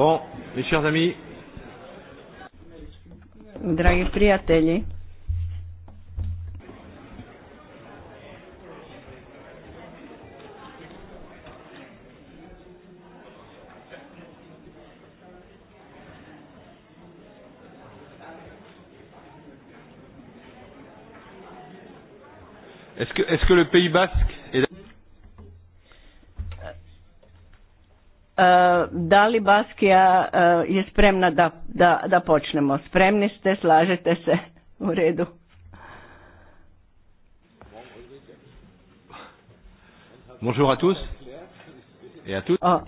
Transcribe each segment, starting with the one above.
Bon, mes chers amis. Dragi prijatelji. Est-ce que, est-ce que le Pays basque Da li Baskija e, je spremna da, da, da počnemo? Spremni ste, slažete se u redu. Bonjour à tous et à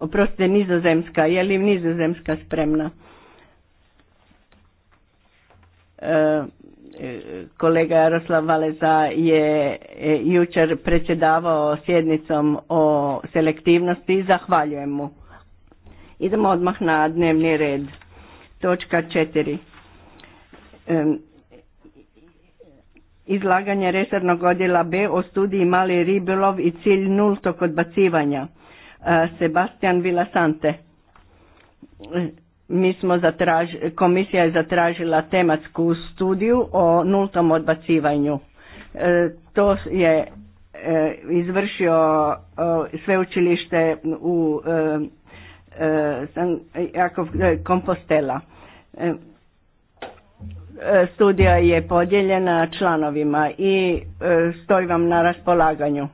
oprostite, nizozemska. Je li nizozemska spremna? E, e, kolega Jaroslav Valeza je jučer predsjedavao sjednicom o selektivnosti i zahvaljujem mu. Idemo odmah na dnevni red. Točka četiri. Izlaganje resernog odjela B o studiji Mali Ribelov i cilj nultog odbacivanja. E, Sebastian Vilasante. Mi smo komisija je zatražila tematsku studiju o nultom odbacivanju. E, to je e, izvršio sveučilište u E, jako Kompostela. E, e, studija je podijeljena članovima i stoji vam na raspolaganju.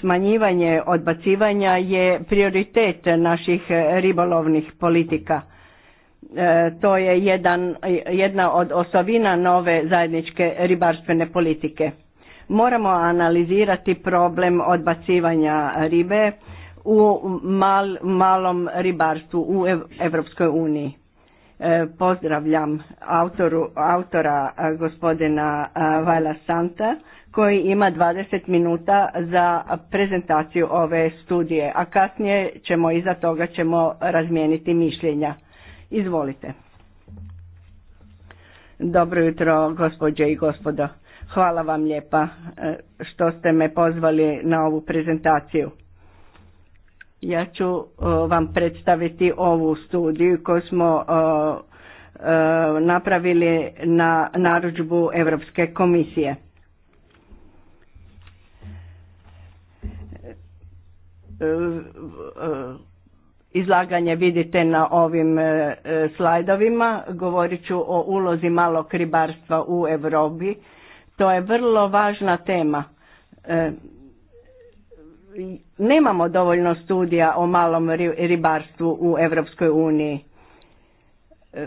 Smanjivanje odbacivanja je prioritet naših ribolovnih politika. To je jedan, jedna od osovina nove zajedničke ribarstvene politike. Moramo analizirati problem odbacivanja ribe, u mal, malom ribarstvu u Europskoj uniji. E, pozdravljam autoru, autora gospodina Vajla Santa koji ima 20 minuta za prezentaciju ove studije, a kasnije ćemo iza toga ćemo razmijeniti mišljenja. Izvolite. Dobro jutro, gospođe i gospodo. Hvala vam lijepa e, što ste me pozvali na ovu prezentaciju. Ja ću e, vam predstaviti ovu studiju koju smo e, e, napravili na narudžbu Europske komisije. Izlaganje vidite na ovim slajdovima. Govorit ću o ulozi malog ribarstva u Europi. To je vrlo važna tema nemamo dovoljno studija o malom ribarstvu u Europskoj uniji. E,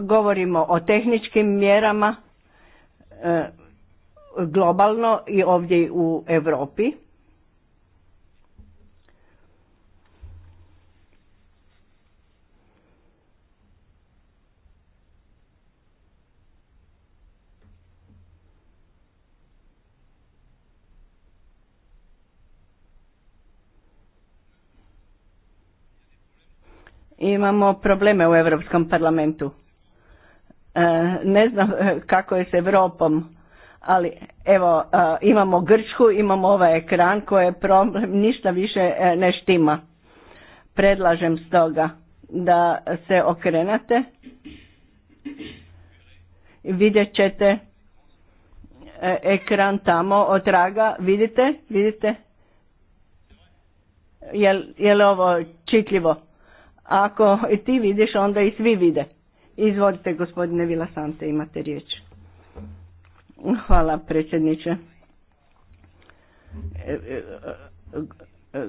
govorimo o tehničkim mjerama e, globalno i ovdje u Europi imamo probleme u Europskom parlamentu. E, ne znam e, kako je s Europom, ali evo e, imamo Grčku, imamo ovaj ekran koji je problem, ništa više ne štima. Predlažem stoga da se okrenete. vidjet ćete ekran tamo od traga, vidite, vidite, je li ovo čitljivo? Ako i ti vidiš, onda i svi vide. Izvolite, gospodine Vilasante, imate riječ. Hvala, predsjedniče. E, e, e,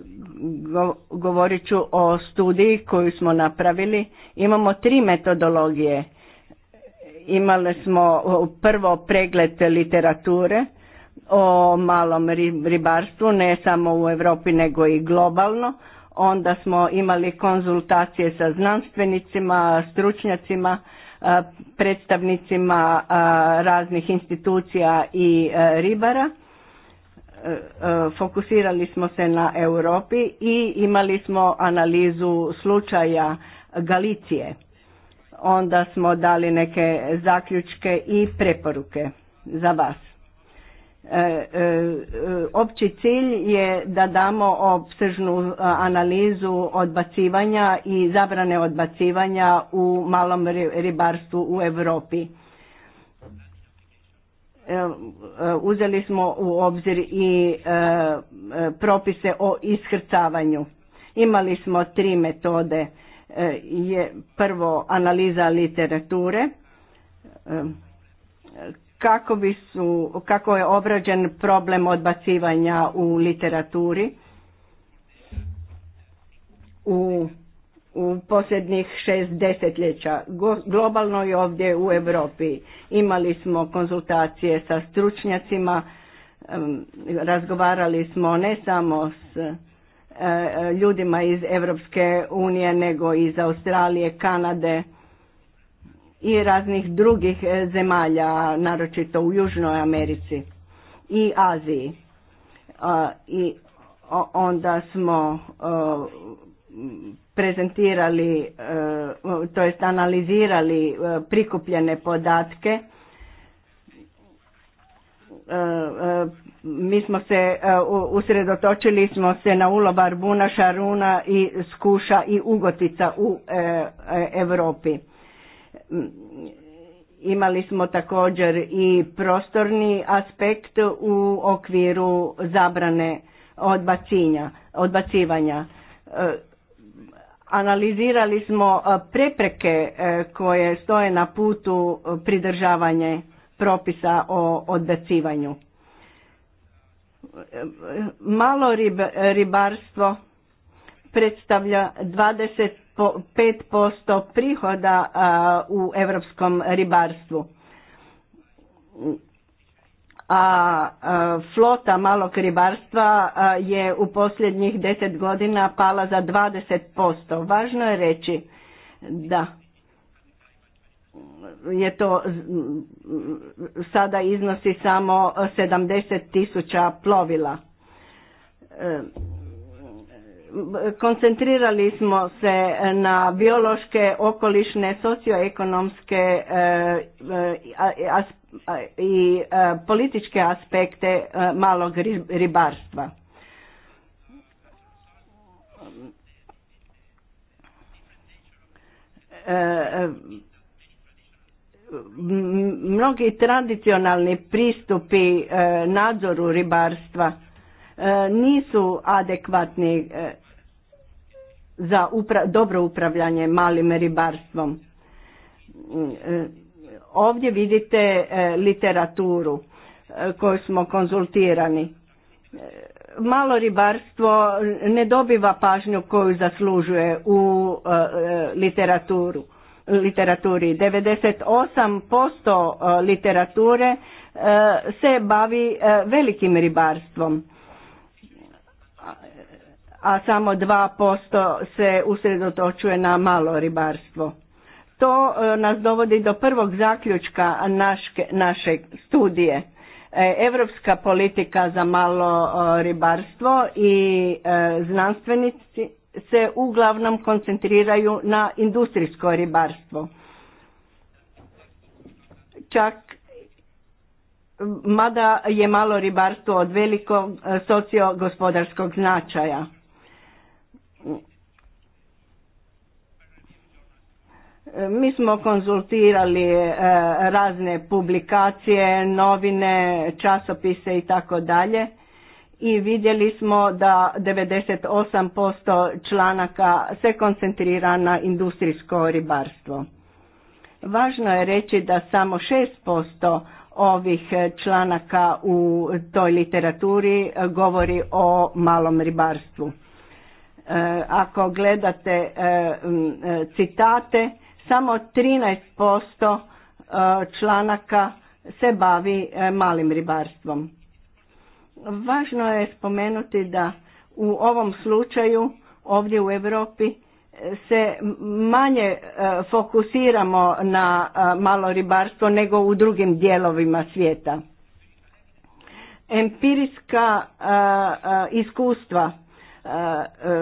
govorit ću o studiji koju smo napravili. Imamo tri metodologije. Imali smo prvo pregled literature o malom ribarstvu, ne samo u Europi nego i globalno onda smo imali konzultacije sa znanstvenicima, stručnjacima, e, predstavnicima e, raznih institucija i e, ribara. Fokusirali smo se na Europi i imali smo analizu slučaja Galicije. Onda smo dali neke zaključke i preporuke za vas. E, e, e, opći cilj je da damo obsežnu analizu odbacivanja i zabrane odbacivanja u malom ribarstvu u Europi. Uzeli smo u obzir i propise o iskrcavanju. Imali smo tri metode. Je prvo analiza literature kako, bi su, kako je obrađen problem odbacivanja u literaturi u, u posljednjih šest desetljeća, globalno i ovdje u Europi. Imali smo konzultacije sa stručnjacima, razgovarali smo ne samo s e, e, ljudima iz Europske unije, nego i iz Australije, Kanade, i raznih drugih e, zemalja, naročito u Južnoj Americi i Aziji. I onda smo e, prezentirali, e, to jest analizirali prikupljene podatke. Mi smo se usredotočili smo se na ulobar Buna, Šaruna i Skuša i Ugotica u Europi Imali smo također i prostorni aspekt u okviru zabrane odbacinja, odbacivanja. E, analizirali smo e, prepreke e, koje stoje na putu pridržavanje propisa o odbacivanju. Malo ribarstvo predstavlja 20 5% prihoda u europskom ribarstvu. A flota malog ribarstva je u posljednjih 10 godina pala za 20%. Važno je reći da je to sada iznosi samo 70 tisuća plovila e, koncentrirali smo se na biološke, okolišne, socioekonomske e, e, i e, političke aspekte malog ribarstva. Mnogi tradicionalni pristupi nadzoru ribarstva E, nisu adekvatni e, za dobro upravljanje malim ribarstvom. E, ovdje vidite literaturu koju smo konzultirani. Malo ribarstvo ne dobiva pažnju koju zaslužuje u literaturu literaturi. 98% literature se bavi velikim ribarstvom a samo 2% se usredotočuje na malo ribarstvo. To e, nas dovodi do prvog zaključka naške, naše studije. Europska politika za malo e, ribarstvo i e, znanstvenici se uglavnom koncentriraju na industrijsko ribarstvo. Čak mada je malo ribarstvo od velikog sociogospodarskog značaja. Mi smo konzultirali e, razne publikacije, novine, časopise i tako dalje i vidjeli smo da 98% članaka se koncentrira na industrijsko ribarstvo. Važno je reći da samo 6% ovih članaka u toj literaturi govori o malom ribarstvu. E, ako gledate e, e, citate, samo 13% članaka se bavi malim ribarstvom. Važno je spomenuti da u ovom slučaju ovdje u Europi se manje fokusiramo na malo ribarstvo nego u drugim dijelovima svijeta. Empirijska iskustva E,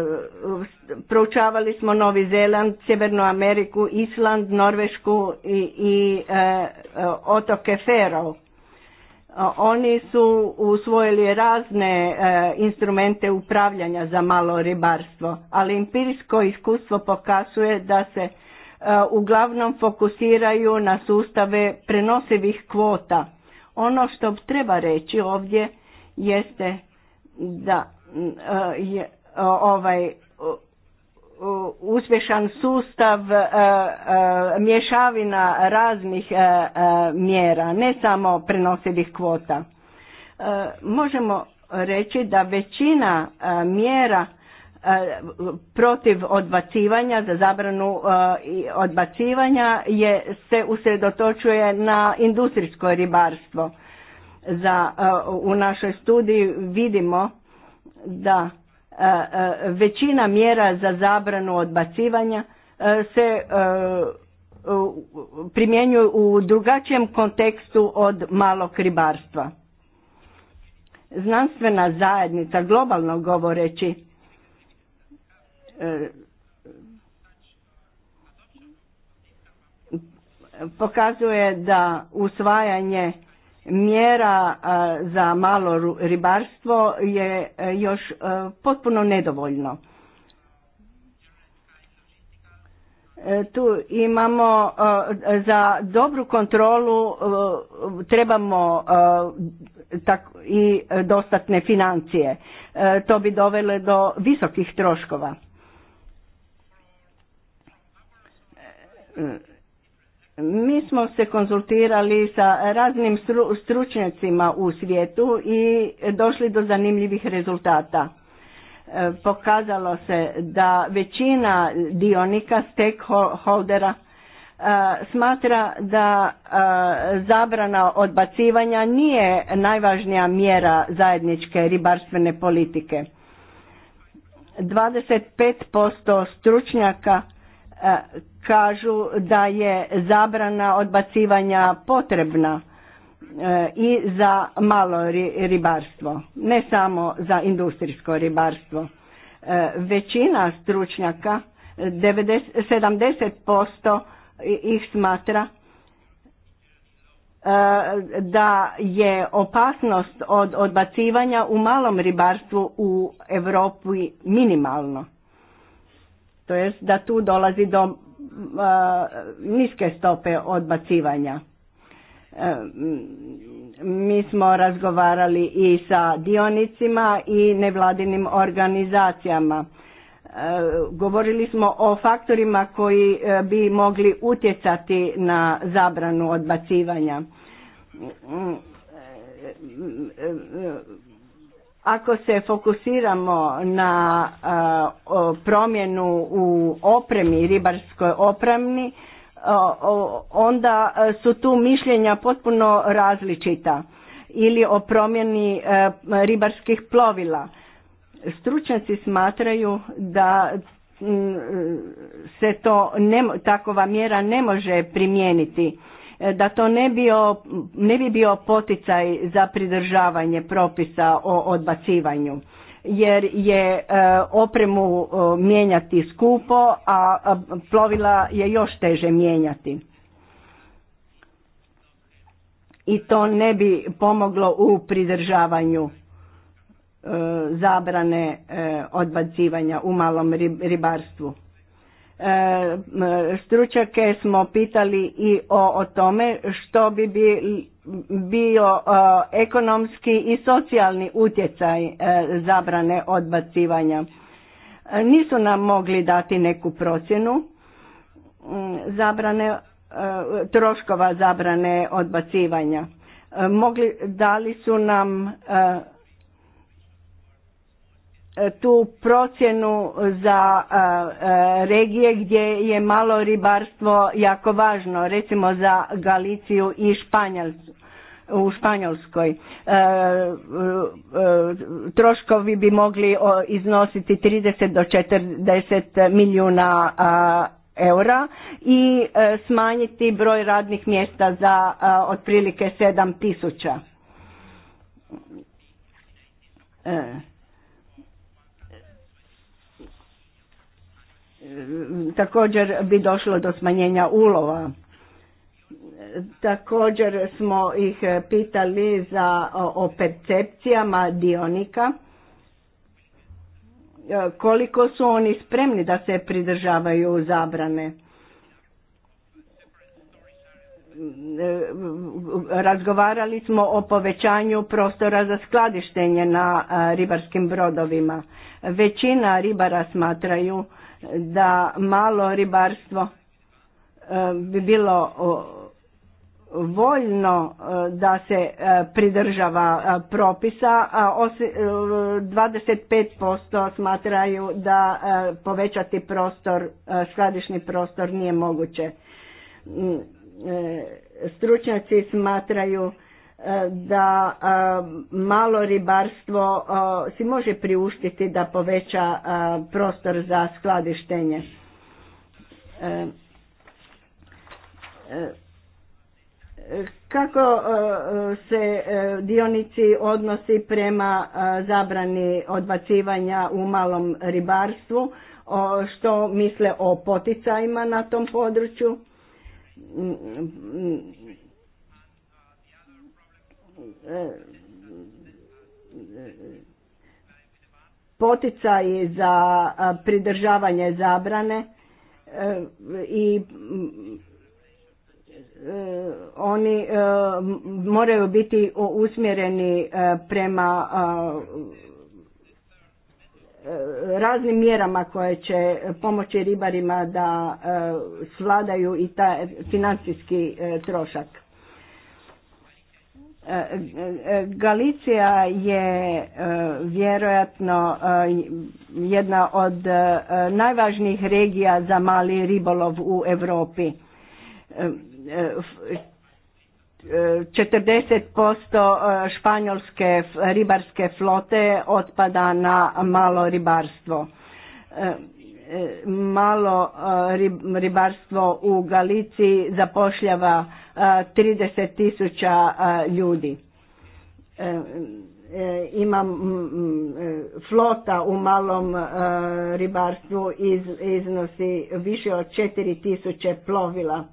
proučavali smo Novi Zeland, Sjevernu Ameriku, Island, Norvešku i, e, e, otoke fero Oni su usvojili razne instrumente upravljanja za malo ribarstvo, ali empirijsko iskustvo pokazuje da se uglavnom fokusiraju na sustave prenosivih kvota. Ono što treba reći ovdje jeste da E, je e, ovaj uspješan sustav e, mješavina raznih mjera, ne samo prenosivih kvota. Možemo reći da većina mjera protiv odbacivanja, za zabranu odbacivanja je, se usredotočuje na industrijsko ribarstvo. Za, u našoj studiji vidimo da e, e, većina mjera za zabranu odbacivanja e, se primjenjuju u drugačijem kontekstu od malog ribarstva. Znanstvena zajednica, globalno govoreći, pokazuje da usvajanje mjera za malo ribarstvo je e, još e, potpuno nedovoljno. E, tu imamo za dobru kontrolu trebamo i dostatne financije. To bi dovele do visokih troškova mi smo se konzultirali sa raznim stručnjacima u svijetu i došli do zanimljivih rezultata. E, pokazalo se da većina dionika, stakeholdera, e, smatra da e, zabrana odbacivanja nije najvažnija mjera zajedničke ribarstvene politike. 25% stručnjaka kažu da je zabrana odbacivanja potrebna e, i za malo ribarstvo, ne samo za industrijsko ribarstvo. E, većina stručnjaka, 70% ih smatra e, da je opasnost od odbacivanja u malom ribarstvu u Europi minimalno. To jest da tu dolazi do niske stope odbacivanja. E, mi smo razgovarali i sa dionicima i nevladinim organizacijama. E, govorili smo o faktorima koji e, bi mogli utjecati na zabranu odbacivanja mm, ako se fokusiramo na promjenu u opremi, ribarskoj opremi, onda su tu mišljenja potpuno različita ili o promjeni e, ribarskih plovila. Stručnjaci smatraju da se to ne, takova mjera ne može primijeniti E, da to ne, bio, ne bi bio poticaj za pridržavanje propisa o odbacivanju jer je e, opremu e, mijenjati skupo, a plovila je još teže mijenjati. I to ne bi pomoglo u pridržavanju zabrane odbacivanja u malom ribarstvu. E, Stručake smo pitali i o, o tome što bi bio e, ekonomski i socijalni utjecaj e, zabrane odbacivanja. Nisu nam mogli dati neku procjenu zabrane troškova zabrane odbacivanja. Mogli, dali su nam tu procjenu za e, e, regije gdje je malo ribarstvo jako važno, recimo za Galiciju i u Španjolskoj. E, troškovi bi mogli iznositi 30 do 40 milijuna eura i smanjiti broj radnih mjesta za otprilike 7 tisuća. također bi došlo do smanjenja ulova. Također smo ih pitali za, o, o percepcijama dionika, koliko su oni spremni da se pridržavaju zabrane. Razgovarali smo o povećanju prostora za skladištenje na ribarskim brodovima. Većina ribara smatraju da malo ribarstvo e, bi bilo voljno e, da se e, pridržava propisa, a 25% smatraju da povećati prostor, skladišni prostor nije moguće. Mm, stručnjaci smatraju da malo ribarstvo si može priuštiti da poveća prostor za skladištenje. E, e, kako se e, dionici odnosi prema zabrani odbacivanja u malom ribarstvu, što misle o poticajima na tom području? poticaji za pridržavanje zabrane e, i e, oni e, moraju biti usmjereni prema raznim mjerama koje će pomoći ribarima da svladaju i taj financijski trošak. Galicija je e, vjerojatno e, jedna od e, najvažnijih regija za mali ribolov u Europi. 40% španjolske ribarske flote otpada na malo ribarstvo. Malo ribarstvo u Galiciji zapošljava 30 tisuća ljudi. E, e, imam e, flota u malom ribarstvu iznosi više od 4 tisuće plovila.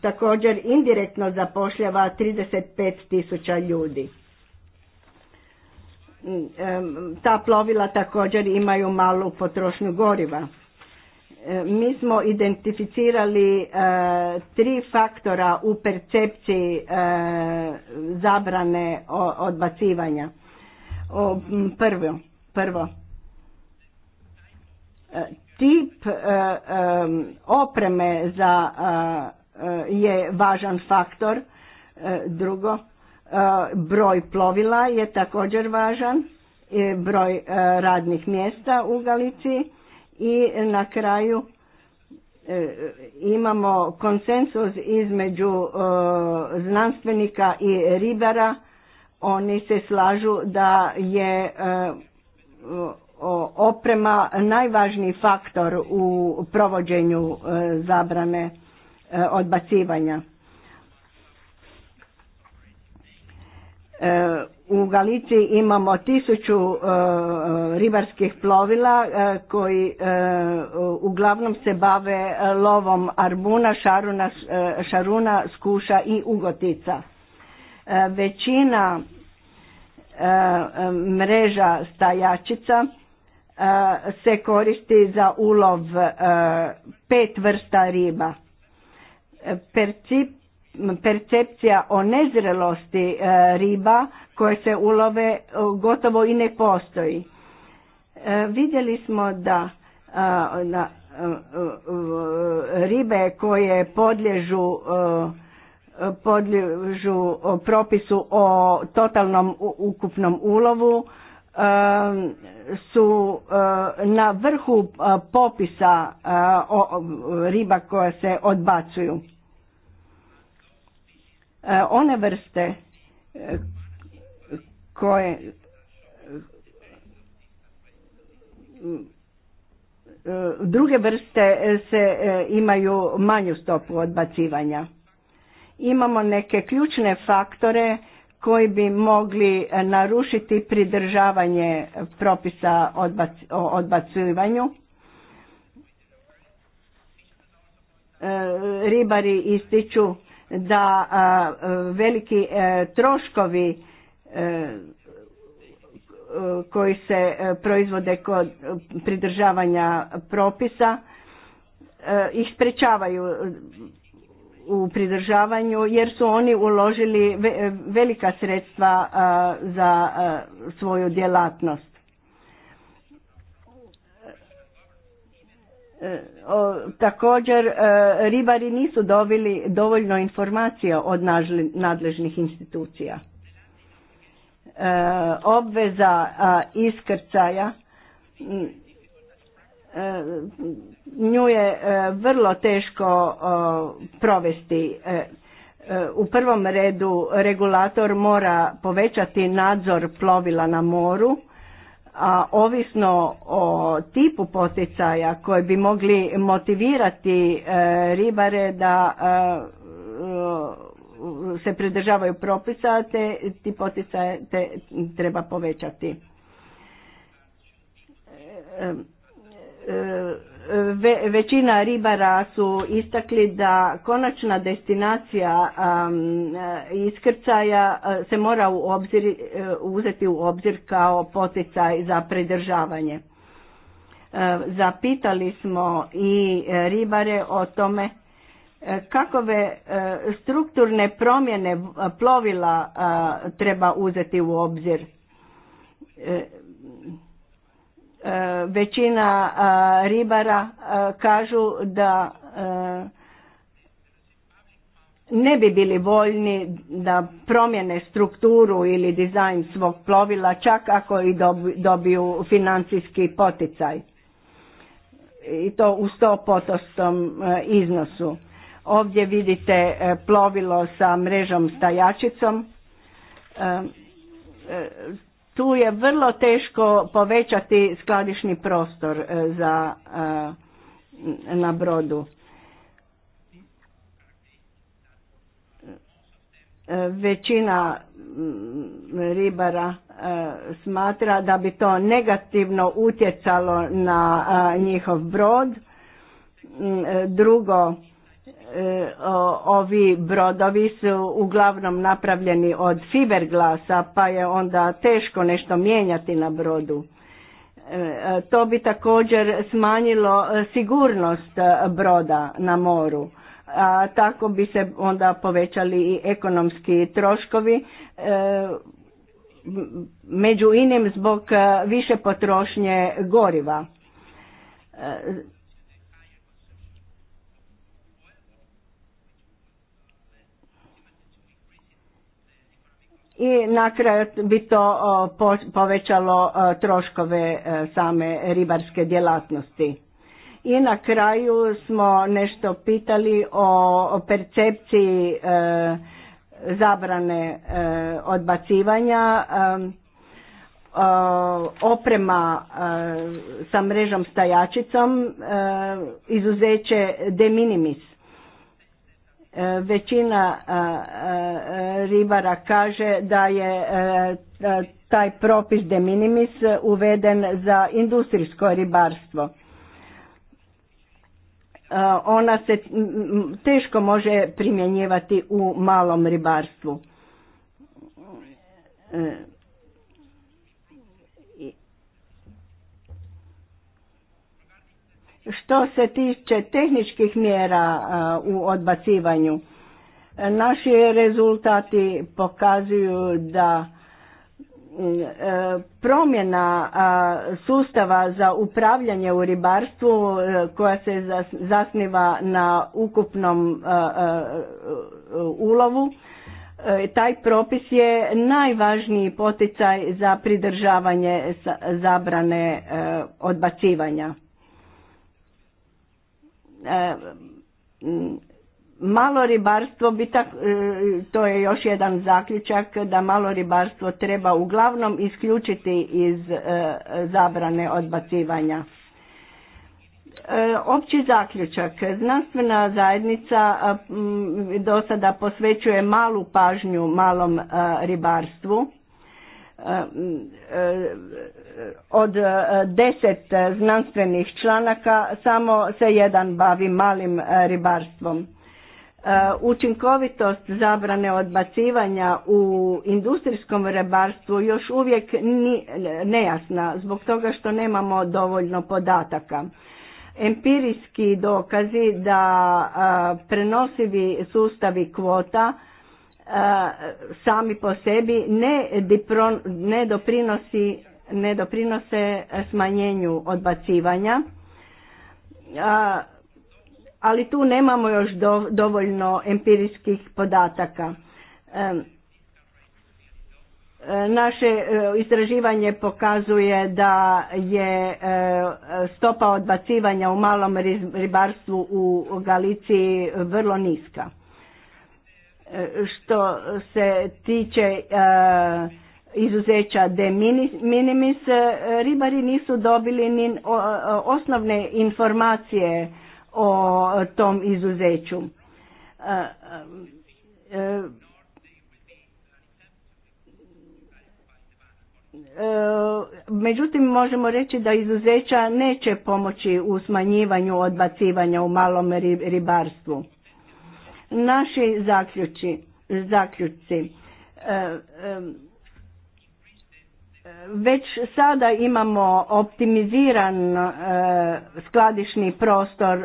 Također indirektno zapošljava 35 tisuća ljudi ta plovila također imaju malu potrošnju goriva. E, mi smo identificirali e, tri faktora u percepciji e, zabrane odbacivanja. Prvo, prvo tip opreme za je važan faktor. Drugo, broj plovila je također važan, broj radnih mjesta u Galiciji i na kraju e, imamo konsensus između e, znanstvenika i ribara. Oni se slažu da je e, oprema najvažniji faktor u provođenju zabrane odbacivanja. U Galiciji imamo tisuću e, e, ribarskih plovila e, koji uglavnom se bave lovom arbuna, šaruna, skuša i ugotica. Većina mreža stajačica se koristi za ulov pet vrsta riba. percepcija o nezrelosti riba koje se ulove e, gotovo i ne postoji. E, vidjeli smo da e, ribe koje podlježu podlježu propisu o totalnom ukupnom ulovu su na vrhu popisa riba koja se odbacuju. One vrste koje druge vrste se e, imaju manju stopu odbacivanja. Imamo neke ključne faktore koji bi mogli e, narušiti pridržavanje propisa o odbacivanju. E, ribari ističu da veliki troškovi E, koji se e, proizvode kod pridržavanja propisa e, ih sprečavaju u pridržavanju jer su oni uložili velika sredstva za svoju djelatnost. Također ribari nisu dobili dovoljno informacija od nadležnih institucija. E, obveza iskrcaja e, nju je e, vrlo teško provesti. U prvom redu regulator mora povećati nadzor plovila na moru, a ovisno o tipu poticaja koji bi mogli motivirati ribare da se pridržavaju propisa, te ti poticaje te treba povećati. većina ribara su istakli da konačna destinacija iskrcaja eh, se mora u obzir, eh, uzeti u obzir kao poticaj za pridržavanje. Eh, zapitali smo i ribare o tome E, kakove e, strukturne promjene e, plovila treba uzeti u obzir? Većina ribara kažu da ne bi bili voljni da promjene strukturu ili dizajn svog plovila čak ako i dobiju financijski poticaj i to u 100% iznosu. Ovdje vidite e, plovilo sa mrežom stajačicom. E, e, tu je vrlo teško povećati skladišni prostor za, na brodu. Većina ribara smatra da bi to negativno utjecalo na njihov brod. Drugo, E, ovi brodovi su uglavnom napravljeni od fiberglasa pa je onda teško nešto mijenjati na brodu. E, to bi također smanjilo e, sigurnost broda na moru. A tako bi se onda povećali i ekonomski troškovi, među inim zbog više potrošnje goriva i na kraju bi to povećalo troškove e, same ribarske djelatnosti. I na kraju smo nešto pitali o percepciji e, zabrane e, odbacivanja oprema sa mrežom stajačicom izuzeće de minimis E, većina e, e, ribara kaže da je taj propis de minimis uveden za industrijsko ribarstvo. Ona se teško može primjenjivati u malom ribarstvu Što se tiče tehničkih mjera e, u odbacivanju, e, naši rezultati pokazuju da mm, e, promjena sustava za upravljanje u ribarstvu koja se zasniva na ukupnom ulovu, taj propis je najvažniji poticaj za pridržavanje zabrane odbacivanja. E, malo ribarstvo bi tak, e, to je još jedan zaključak da malo ribarstvo treba uglavnom isključiti iz e, zabrane odbacivanja. Opći zaključak. Znanstvena zajednica do sada posvećuje malu pažnju malom ribarstvu od e, deset znanstvenih članaka samo se jedan bavi malim e, ribarstvom. E, učinkovitost zabrane odbacivanja u industrijskom ribarstvu još uvijek nejasna zbog toga što nemamo dovoljno podataka. Empirijski dokazi da prenosivi sustavi kvota sami po sebi ne, ne, doprinosi, ne doprinose smanjenju odbacivanja, ali tu nemamo još dovoljno empirijskih podataka. E, e, naše e, istraživanje pokazuje da je stopa odbacivanja u malom ribarstvu u Galiciji vrlo niska što se tiče e, izuzeća de minimis, e, ribari nisu dobili ni osnovne informacije o tom izuzeću. E, međutim, možemo reći da izuzeća neće pomoći u smanjivanju odbacivanja u malom ribarstvu Naši zaključi, zaključci. E, e, već sada imamo optimiziran e, skladišni prostor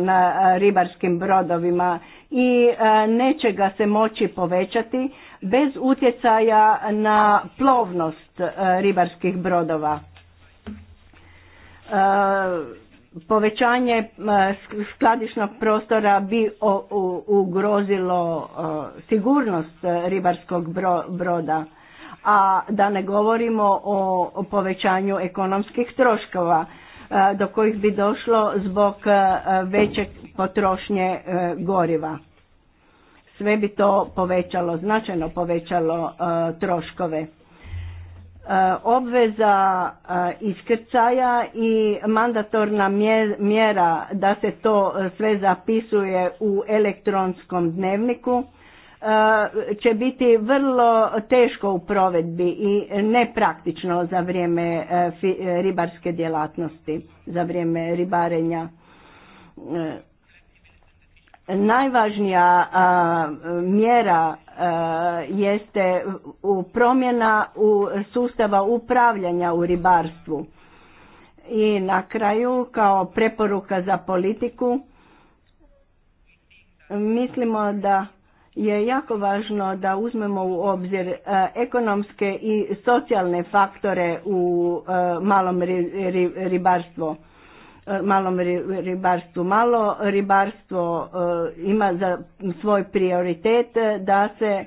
na ribarskim brodovima i neće ga se moći povećati bez utjecaja na plovnost ribarskih brodova. Povećanje e, skladišnog prostora bi ugrozilo e, sigurnost e, ribarskog broda, a da ne govorimo o povećanju ekonomskih troškova do kojih bi došlo zbog veće potrošnje goriva. Sve bi to povećalo, značajno povećalo troškove. Eh, obveza eh, iskrcaja i mandatorna mjera da se to eh, sve zapisuje u elektronskom dnevniku će biti vrlo teško u provedbi i nepraktično za vrijeme ribarske djelatnosti, za vrijeme ribarenja. Najvažnija mjera Eh, jeste u promjena u sustava upravljanja u ribarstvu. I na kraju kao preporuka za politiku mislimo da je jako važno da uzmemo u obzir eh, ekonomske i socijalne faktore u eh, malom ribarstvu malom ribarstvu. Malo ribarstvo e, ima za svoj prioritet e, da se e,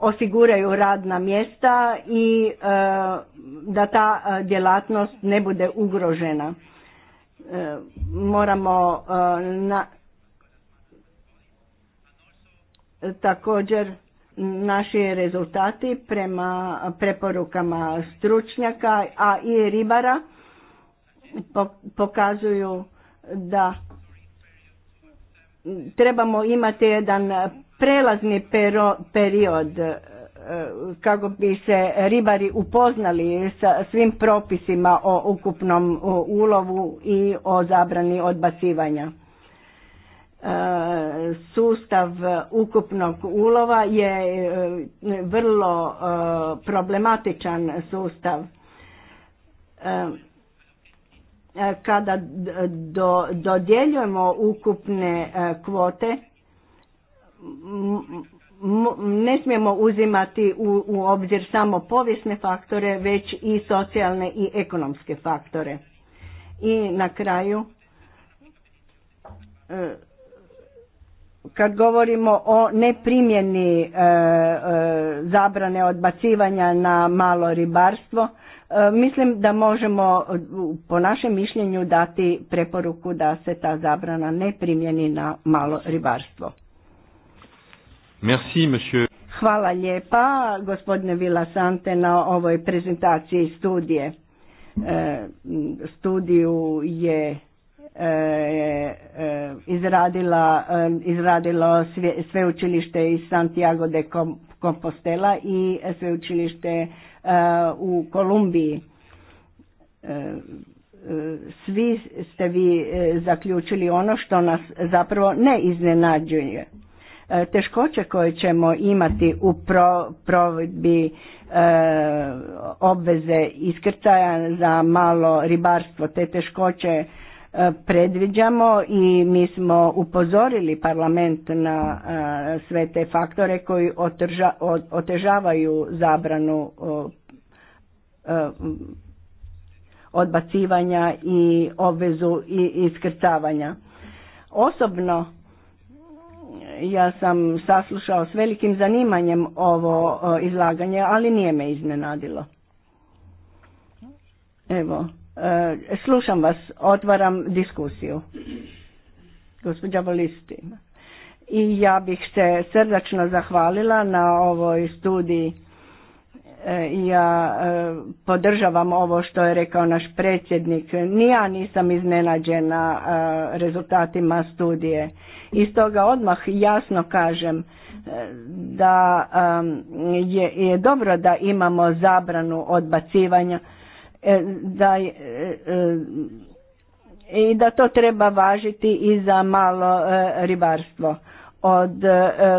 osiguraju radna mjesta i da ta djelatnost ne bude ugrožena. Moramo na također naši rezultati prema preporukama stručnjaka, a i ribara pokazuju da trebamo imati jedan prelazni period e, kako bi se ribari upoznali sa svim propisima o ukupnom ulovu i o zabrani odbacivanja. E, sustav ukupnog ulova je e, vrlo problematičan sustav E, kada do, dodjeljujemo ukupne e, kvote ne smijemo uzimati u, u obzir samo povijesne faktore već i socijalne i ekonomske faktore i na kraju e, kad govorimo o neprimjeni zabrane odbacivanja na malo ribarstvo E, mislim da možemo e, po našem mišljenju dati preporuku da se ta zabrana ne primjeni na malo ribarstvo. Merci, monsieur. Hvala lijepa gospodine Vila Sante na ovoj prezentaciji studije. E, studiju je izradila, izradilo sve, sveučilište iz Santiago de Compostela i sveučilište Eh, u Kolumbiji. Eh, eh, svi ste vi zaključili ono što nas zapravo ne iznenađuje. Teškoće koje ćemo imati u provedbi obveze iskrcaja za malo ribarstvo, te teškoće predviđamo i mi smo upozorili parlament na sve te faktore koji otežavaju zabranu E, odbacivanja i obvezu i iskrcavanja. Osobno ja sam saslušao s velikim zanimanjem ovo e, izlaganje, ali nije me iznenadilo. Evo, e, slušam vas, otvaram diskusiju. Gospođa bolisti I ja bih se srdačno zahvalila na ovoj studiji E, ja e, podržavam ovo što je rekao naš predsjednik. Ni ja nisam iznenađena e, rezultatima studije. I stoga odmah jasno kažem da je, dobro da imamo zabranu odbacivanja da i da to treba važiti i za malo ribarstvo. Od,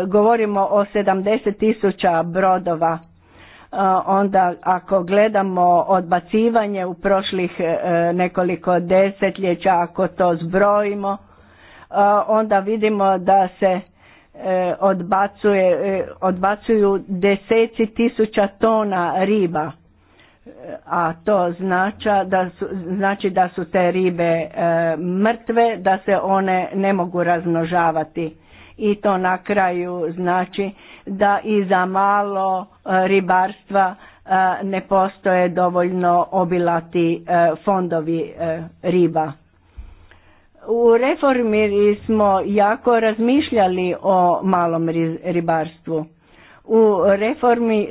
govorimo o 70 tisuća brodova onda ako gledamo odbacivanje u prošlih e, nekoliko desetljeća, ako to zbrojimo, onda vidimo da se e, odbacuje, e, odbacuju deseci tisuća tona riba, a to znači da znači da su te ribe mrtve, da se one ne mogu razmnožavati i to na kraju znači da i za malo e, ribarstva e, ne postoje dovoljno obilati e, fondovi riba. U reformi smo jako razmišljali o malom ribarstvu. U reformi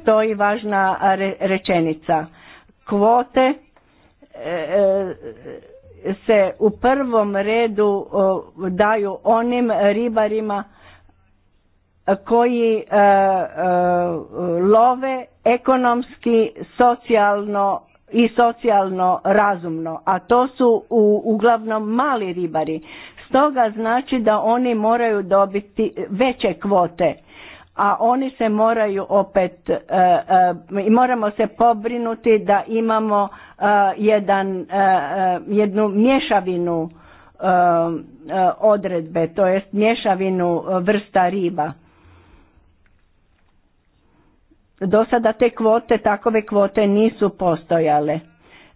stoji važna rečenica. Kvote se u prvom redu daju onim ribarima koji e, e, love ekonomski, socijalno i socijalno razumno, a to su u, uglavnom mali ribari. Stoga znači da oni moraju dobiti veće kvote, a oni se moraju opet, uh, moramo se pobrinuti da imamo jedan, jednu mješavinu odredbe, to jest mješavinu vrsta riba do sada te kvote, takove kvote nisu postojale.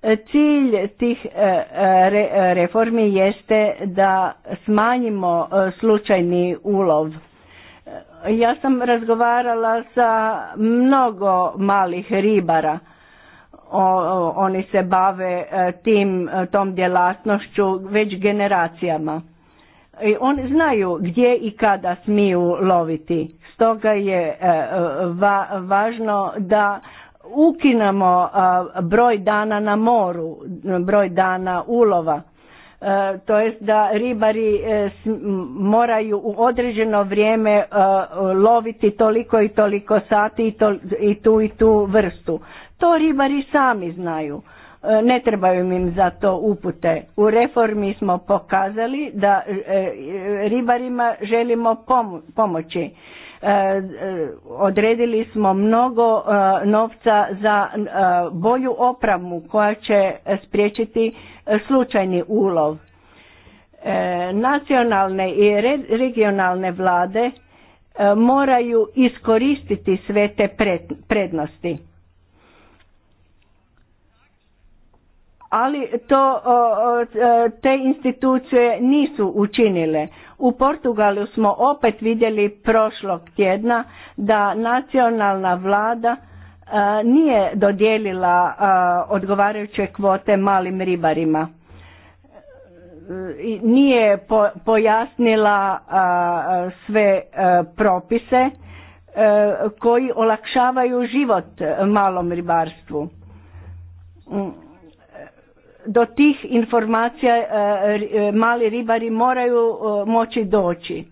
E, cilj tih e, e, reformi jeste da smanjimo slučajni ulov. Ja sam razgovarala sa mnogo malih ribara. Oni se bave tim, tom djelatnošću već generacijama. Oni znaju gdje i kada smiju loviti toga je e, e, važno da ukinemo broj dana na moru, broj dana ulova. E, to jest da ribari moraju u određeno vrijeme loviti toliko i toliko sati i tu i tu vrstu. To ribari sami znaju ne trebaju im za to upute. U reformi smo pokazali da ribarima želimo pomoći. E, e, odredili smo mnogo e, novca za bolju opravu koja će spriječiti slučajni ulov. Nacionalne i regionalne vlade moraju iskoristiti sve te prednosti. Ali to te institucije nisu učinile. U Portugalu smo opet vidjeli prošlog tjedna da nacionalna vlada e, nije dodijelila e, odgovarajuće kvote malim ribarima. E, nije pojasnila sve propise koji olakšavaju život malom ribarstvu mm do tih informacija e, e, mali ribari moraju e, moći doći.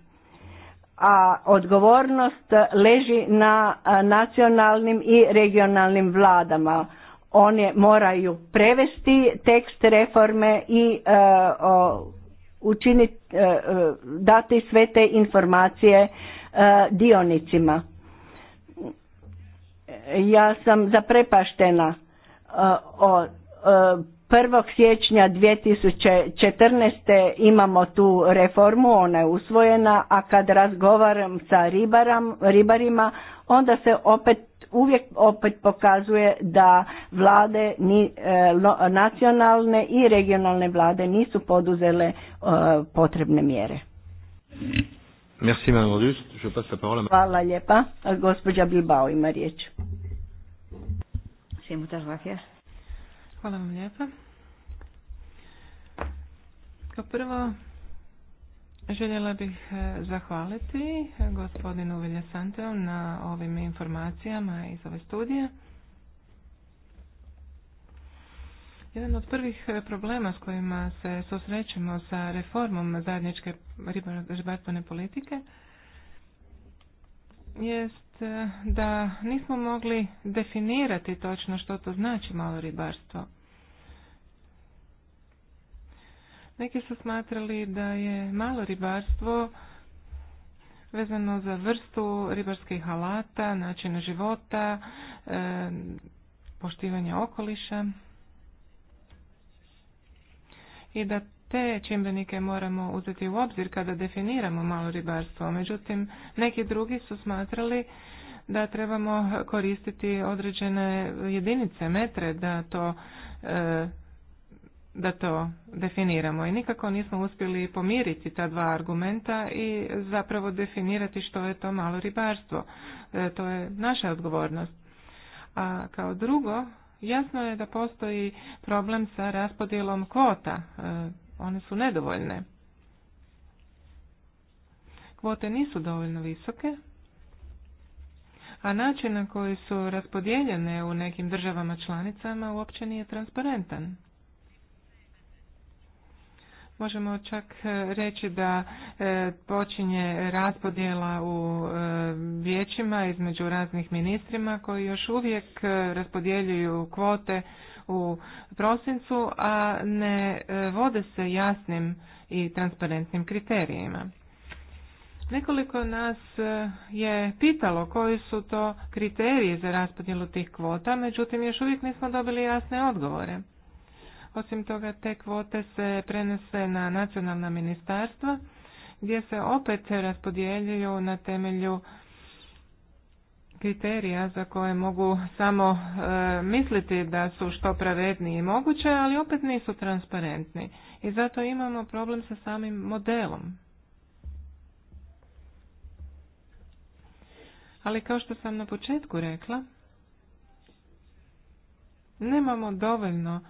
A odgovornost leži na nacionalnim i regionalnim vladama. One moraju prevesti tekst reforme i učiniti, dati sve te informacije dionicima. Ja sam zaprepaštena o 1. siječnja 2014. imamo tu reformu, ona je usvojena, a kad razgovaram sa ribaram, ribarima, onda se opet uvijek opet pokazuje da vlade ni e, nacionalne i regionalne vlade nisu poduzele e, potrebne mjere. Merci je passe la parole Hvala lijepa. Gospođa Bilbao ima riječ. Sí, muchas Hvala vam lijepa. Kao prvo, željela bih e, zahvaliti gospodinu Santeo na ovim informacijama iz ove studije. Jedan od prvih e, problema s kojima se susrećemo sa reformom zajedničke ribarstvene politike jest e, da nismo mogli definirati točno što to znači malo ribarstvo. Neki su smatrali da je malo ribarstvo vezano za vrstu ribarskih alata, načina života, e, poštivanja okoliša i da te čimbenike moramo uzeti u obzir kada definiramo malo ribarstvo. Međutim, neki drugi su smatrali da trebamo koristiti određene jedinice, metre, da to e, da to definiramo i nikako nismo uspjeli pomiriti ta dva argumenta i zapravo definirati što je to malo ribarstvo. E, to je naša odgovornost. A kao drugo, jasno je da postoji problem sa raspodjelom kvota. E, one su nedovoljne. Kvote nisu dovoljno visoke, a način na koji su raspodijeljene u nekim državama članicama uopće nije transparentan. Možemo čak e, reći da e, počinje raspodjela u e, vijećima između raznih ministrima koji još uvijek raspodjeljuju kvote u prosincu, a ne vode se jasnim i transparentnim kriterijima. Nekoliko nas je pitalo koji su to kriteriji za raspodjelu tih kvota, međutim još uvijek nismo dobili jasne odgovore. Osim toga, te kvote se prenese na nacionalna ministarstva, gdje se opet raspodjeljuju na temelju kriterija za koje mogu samo e, misliti da su što pravedniji i moguće, ali opet nisu transparentni. I zato imamo problem sa samim modelom. Ali kao što sam na početku rekla, nemamo dovoljno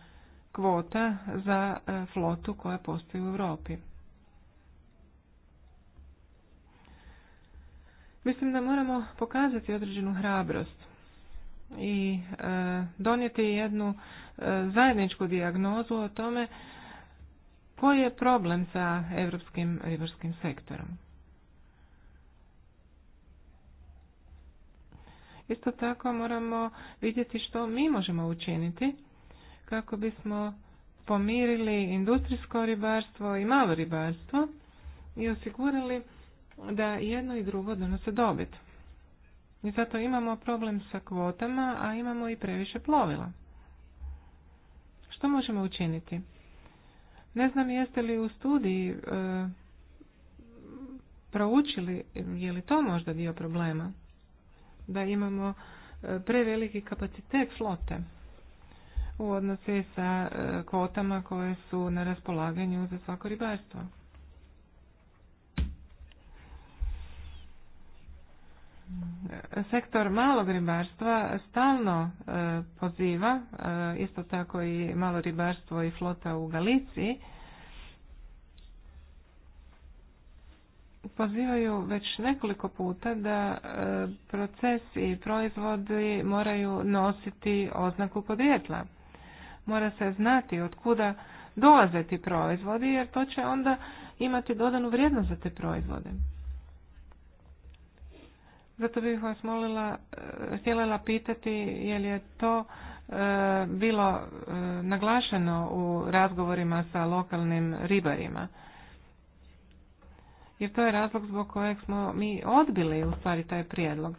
kvota za e, flotu koja postoji u Europi. Mislim da moramo pokazati određenu hrabrost i e, donijeti jednu e, zajedničku dijagnozu o tome koji je problem sa europskim ribarskim sektorom. Isto tako moramo vidjeti što mi možemo učiniti kako bismo pomirili industrijsko ribarstvo i malo ribarstvo i osigurali da jedno i drugo donose dobit. I zato imamo problem sa kvotama, a imamo i previše plovila. Što možemo učiniti? Ne znam jeste li u studiji e, proučili, je li to možda dio problema? Da imamo e, preveliki kapacitet flote u odnosi sa e, kvotama koje su na raspolaganju za svako ribarstvo. Sektor malog ribarstva stalno e, poziva, e, isto tako i malo ribarstvo i flota u Galiciji, pozivaju već nekoliko puta da proces i proizvodi moraju nositi oznaku podrijetla. Mora se znati od kuda dolaze ti proizvodi jer to će onda imati dodanu vrijednost za te proizvode. Zato bih vas molila, e, htjela pitati je li je to e, bilo e, naglašeno u razgovorima sa lokalnim ribarima. Jer to je razlog zbog kojeg smo mi odbili u stvari taj prijedlog.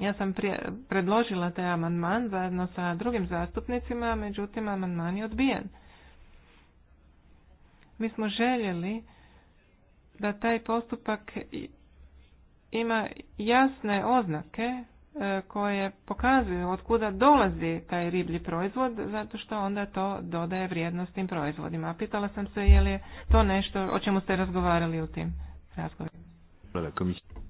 Ja sam prije, predložila taj amandman zajedno sa drugim zastupnicima, međutim amandman je odbijen. Mi smo željeli da taj postupak ima jasne oznake e, koje pokazuju od kuda dolazi taj riblji proizvod, zato što onda to dodaje vrijednost tim proizvodima. Pitala sam se je li to nešto o čemu ste razgovarali u tim razgovorima.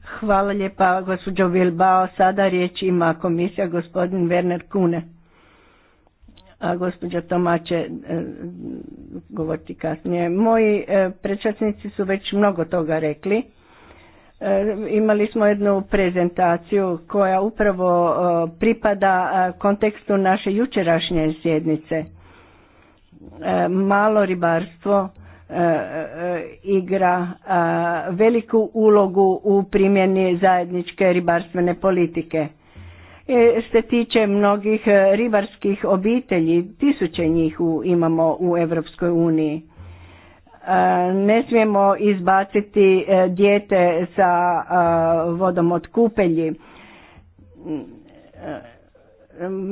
Hvala lijepa gospođo Bilbao. Sada riječ ima komisija gospodin Werner Kune. A gospođa Toma će e, govoriti kasnije. Moji e, su već mnogo toga rekli. E, imali smo jednu prezentaciju koja upravo e, pripada kontekstu naše jučerašnje sjednice. Malo ribarstvo E, e, igra e, veliku ulogu u primjeni zajedničke ribarstvene politike. Što tiče mnogih ribarskih obitelji, tisuće njih imamo u Europskoj uniji. Ne smijemo izbaciti dijete sa vodom od kupelji.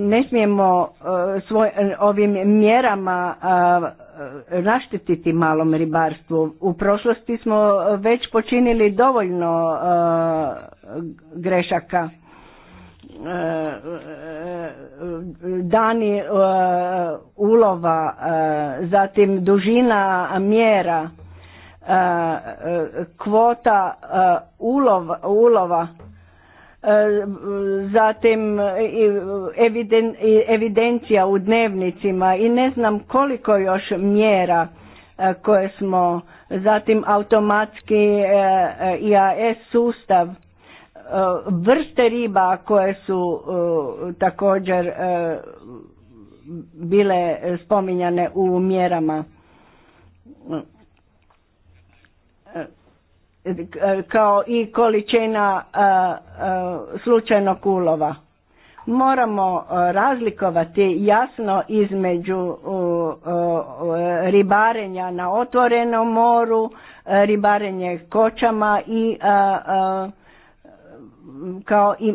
Ne smijemo ovim mjerama zaštititi e, malom ribarstvu. U prošlosti smo već počinili dovoljno e, grešaka. E, dani ulova, zatim dužina mjera, kvota ulova E, zatim evidencija u dnevnicima i ne znam koliko još mjera e, koje smo, zatim automatski e, IAS sustav, vrste riba koje su također bile spominjane u mjerama kao i količina e, e, slučajnog ulova. Moramo e, razlikovati jasno između ribarenja na otvorenom moru, ribarenje kočama i kao i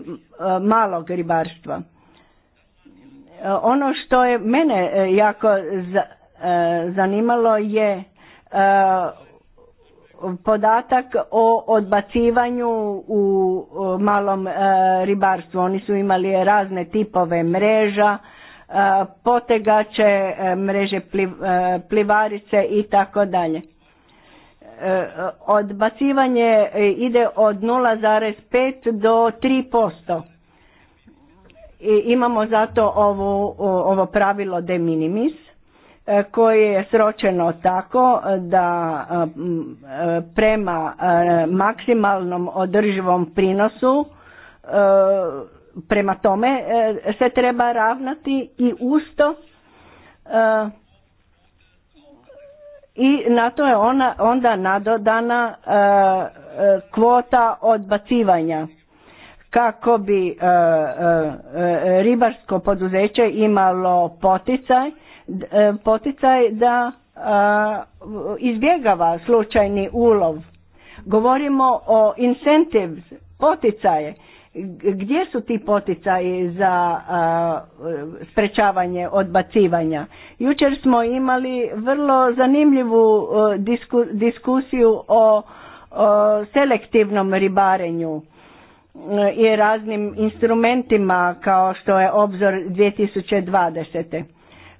malog ribarstva. Ono što je mene jako zanimalo je podatak o odbacivanju u malom e, ribarstvu. Oni su imali razne tipove mreža, e, potegače, e, mreže plivarice i tako dalje. Odbacivanje ide od 0,5 do 3%. I imamo zato ovo pravilo de minimis E, koje je sročeno tako e, da e, prema maksimalnom održivom prinosu prema tome se treba ravnati i usto i na to je ona onda nadodana kvota odbacivanja kako bi ribarsko poduzeće imalo poticaj E, poticaj da izbjegava slučajni ulov. Govorimo o incentives, poticaje. Gdje su ti poticaji za sprečavanje odbacivanja? Jučer smo imali vrlo zanimljivu e, diskusiju o, o selektivnom ribarenju e, i raznim instrumentima kao što je obzor 2020.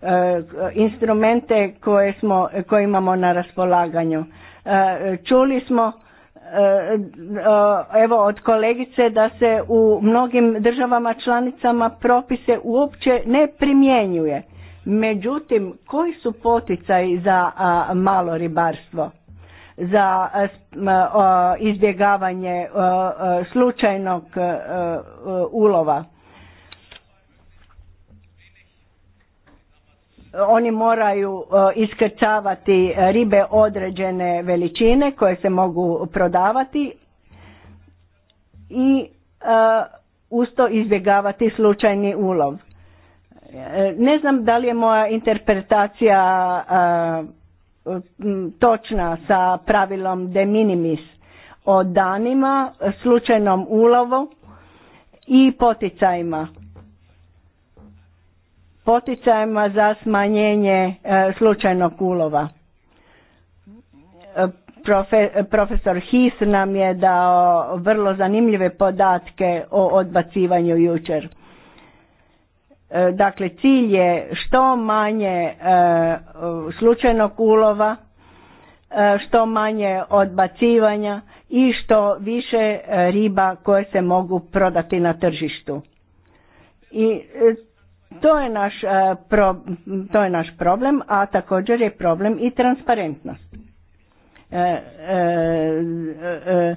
E, instrumente koje, smo, koje imamo na raspolaganju. E, čuli smo e, evo od kolegice da se u mnogim državama članicama propise uopće ne primjenjuje. Međutim, koji su poticaji za malo ribarstvo? za izbjegavanje slučajnog ulova. Oni moraju e, iskrcavati ribe određene veličine koje se mogu prodavati i e, usto izbjegavati slučajni ulov. E, ne znam da li je moja interpretacija točna sa pravilom de minimis o danima, slučajnom ulovu i poticajima poticajima za smanjenje e, slučajnog ulova. E, profesor His nam je dao vrlo zanimljive podatke o odbacivanju jučer. E, dakle, cilj je što manje slučajnog ulova, što manje odbacivanja i što više riba koje se mogu prodati na tržištu. I to je naš, e, to je naš problem, a također je problem i transparentnost. E, e,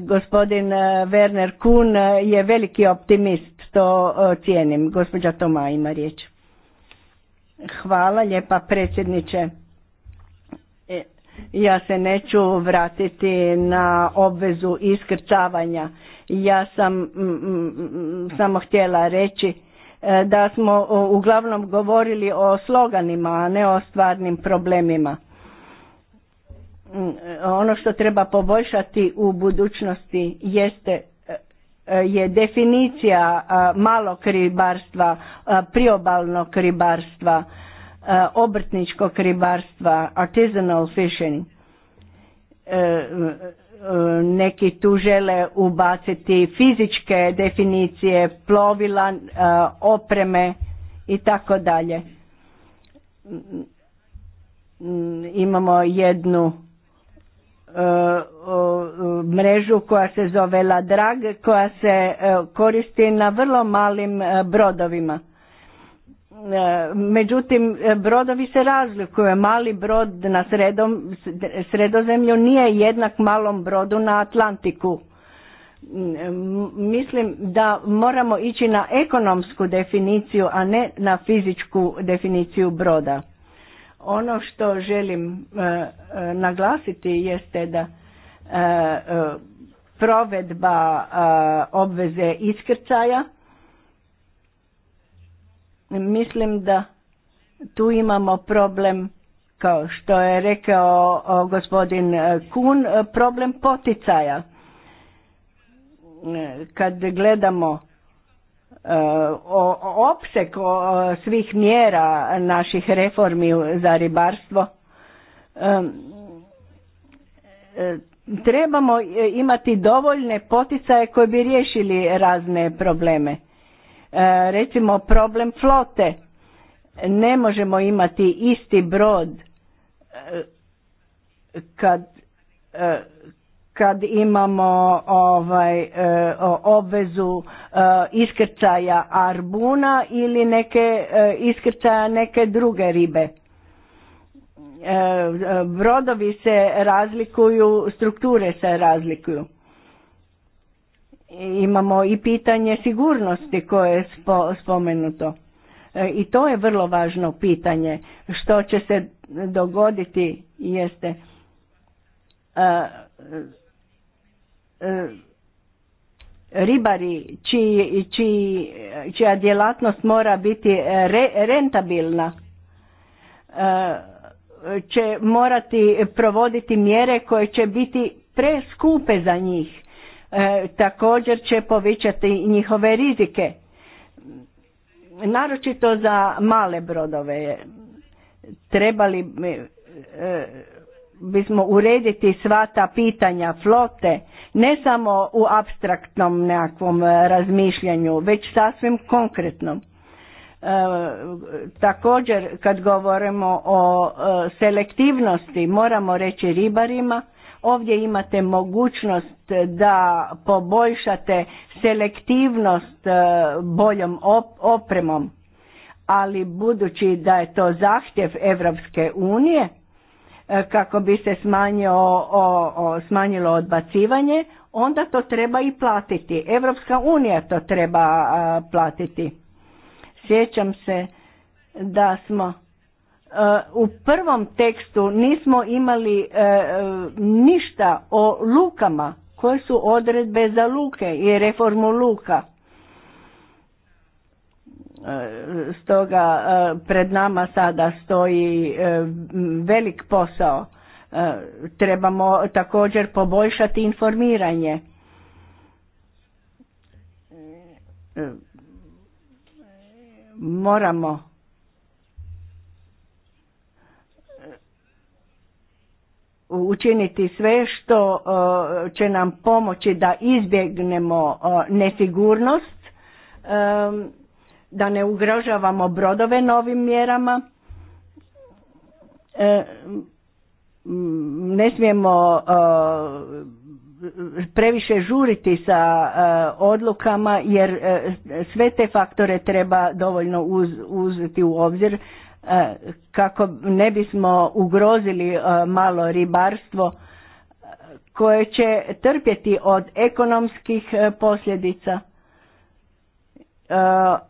gospodin Werner Kuhn je veliki optimist, to cijenim. Gospođa Toma ima riječ. Hvala lijepa predsjedniče. Ja se neću vratiti na obvezu iskrcavanja. Ja sam samo htjela reći E, da smo e, uglavnom govorili o sloganima, a ne o stvarnim problemima. Mm, e, ono što treba poboljšati u budućnosti jeste je definicija malog ribarstva, priobalnog ribarstva, obrtničkog ribarstva, artisanal fishing neki tu žele ubaciti fizičke definicije plovila, e, opreme i tako dalje. Imamo jednu e, mrežu koja se zove Ladrag koja se e, koristi na vrlo malim brodovima. Međutim, brodovi se razlikuju. Mali brod na sredom, sredozemlju nije jednak malom brodu na Atlantiku. Mislim da moramo ići na ekonomsku definiciju, a ne na fizičku definiciju broda. Ono što želim e, e, naglasiti jeste da e, provedba obveze iskrcaja Mislim da tu imamo problem, kao što je rekao gospodin e, Kun, e, problem poticaja. E, kad gledamo opsek svih mjera naših reformi za ribarstvo, trebamo imati dovoljne poticaje koji bi riješili razne probleme. E, recimo problem flote ne možemo imati isti brod e, kad e, kad imamo ovaj obvezu iskrcaja arbuna ili neke iskrcaja neke druge ribe brodovi se razlikuju strukture se razlikuju Imamo i pitanje sigurnosti koje je spomenuto. E, I to je vrlo važno pitanje. Što će se dogoditi jeste e, e, ribari čiji, čija djelatnost mora biti re, rentabilna će morati provoditi mjere koje će biti preskupe za njih E, također će povećati njihove rizike naročito za male brodove trebali e, e, bismo urediti sva ta pitanja flote ne samo u abstraktnom nekakvom razmišljanju već sasvim konkretnom također kad govorimo o selektivnosti moramo reći ribarima Ovdje imate mogućnost da poboljšate selektivnost e, boljom opremom, ali budući da je to zahtjev Evropske unije, e, kako bi se smanjio, o, smanjilo odbacivanje, onda to treba i platiti. Evropska unija to treba platiti. Sjećam se da smo Eh, u prvom tekstu nismo imali eh, ništa o lukama, koje su odredbe za luke i reformu luka. Eh, stoga pred nama sada stoji velik posao. Trebamo također poboljšati informiranje. Moramo učiniti sve što e, će nam pomoći da izbjegnemo e, nesigurnost, e, da ne ugrožavamo brodove novim mjerama. Ne smijemo previše žuriti sa odlukama jer sve te faktore treba dovoljno uz, uzeti u obzir E, kako ne bismo ugrozili e, malo ribarstvo e, koje će trpjeti od ekonomskih posljedica,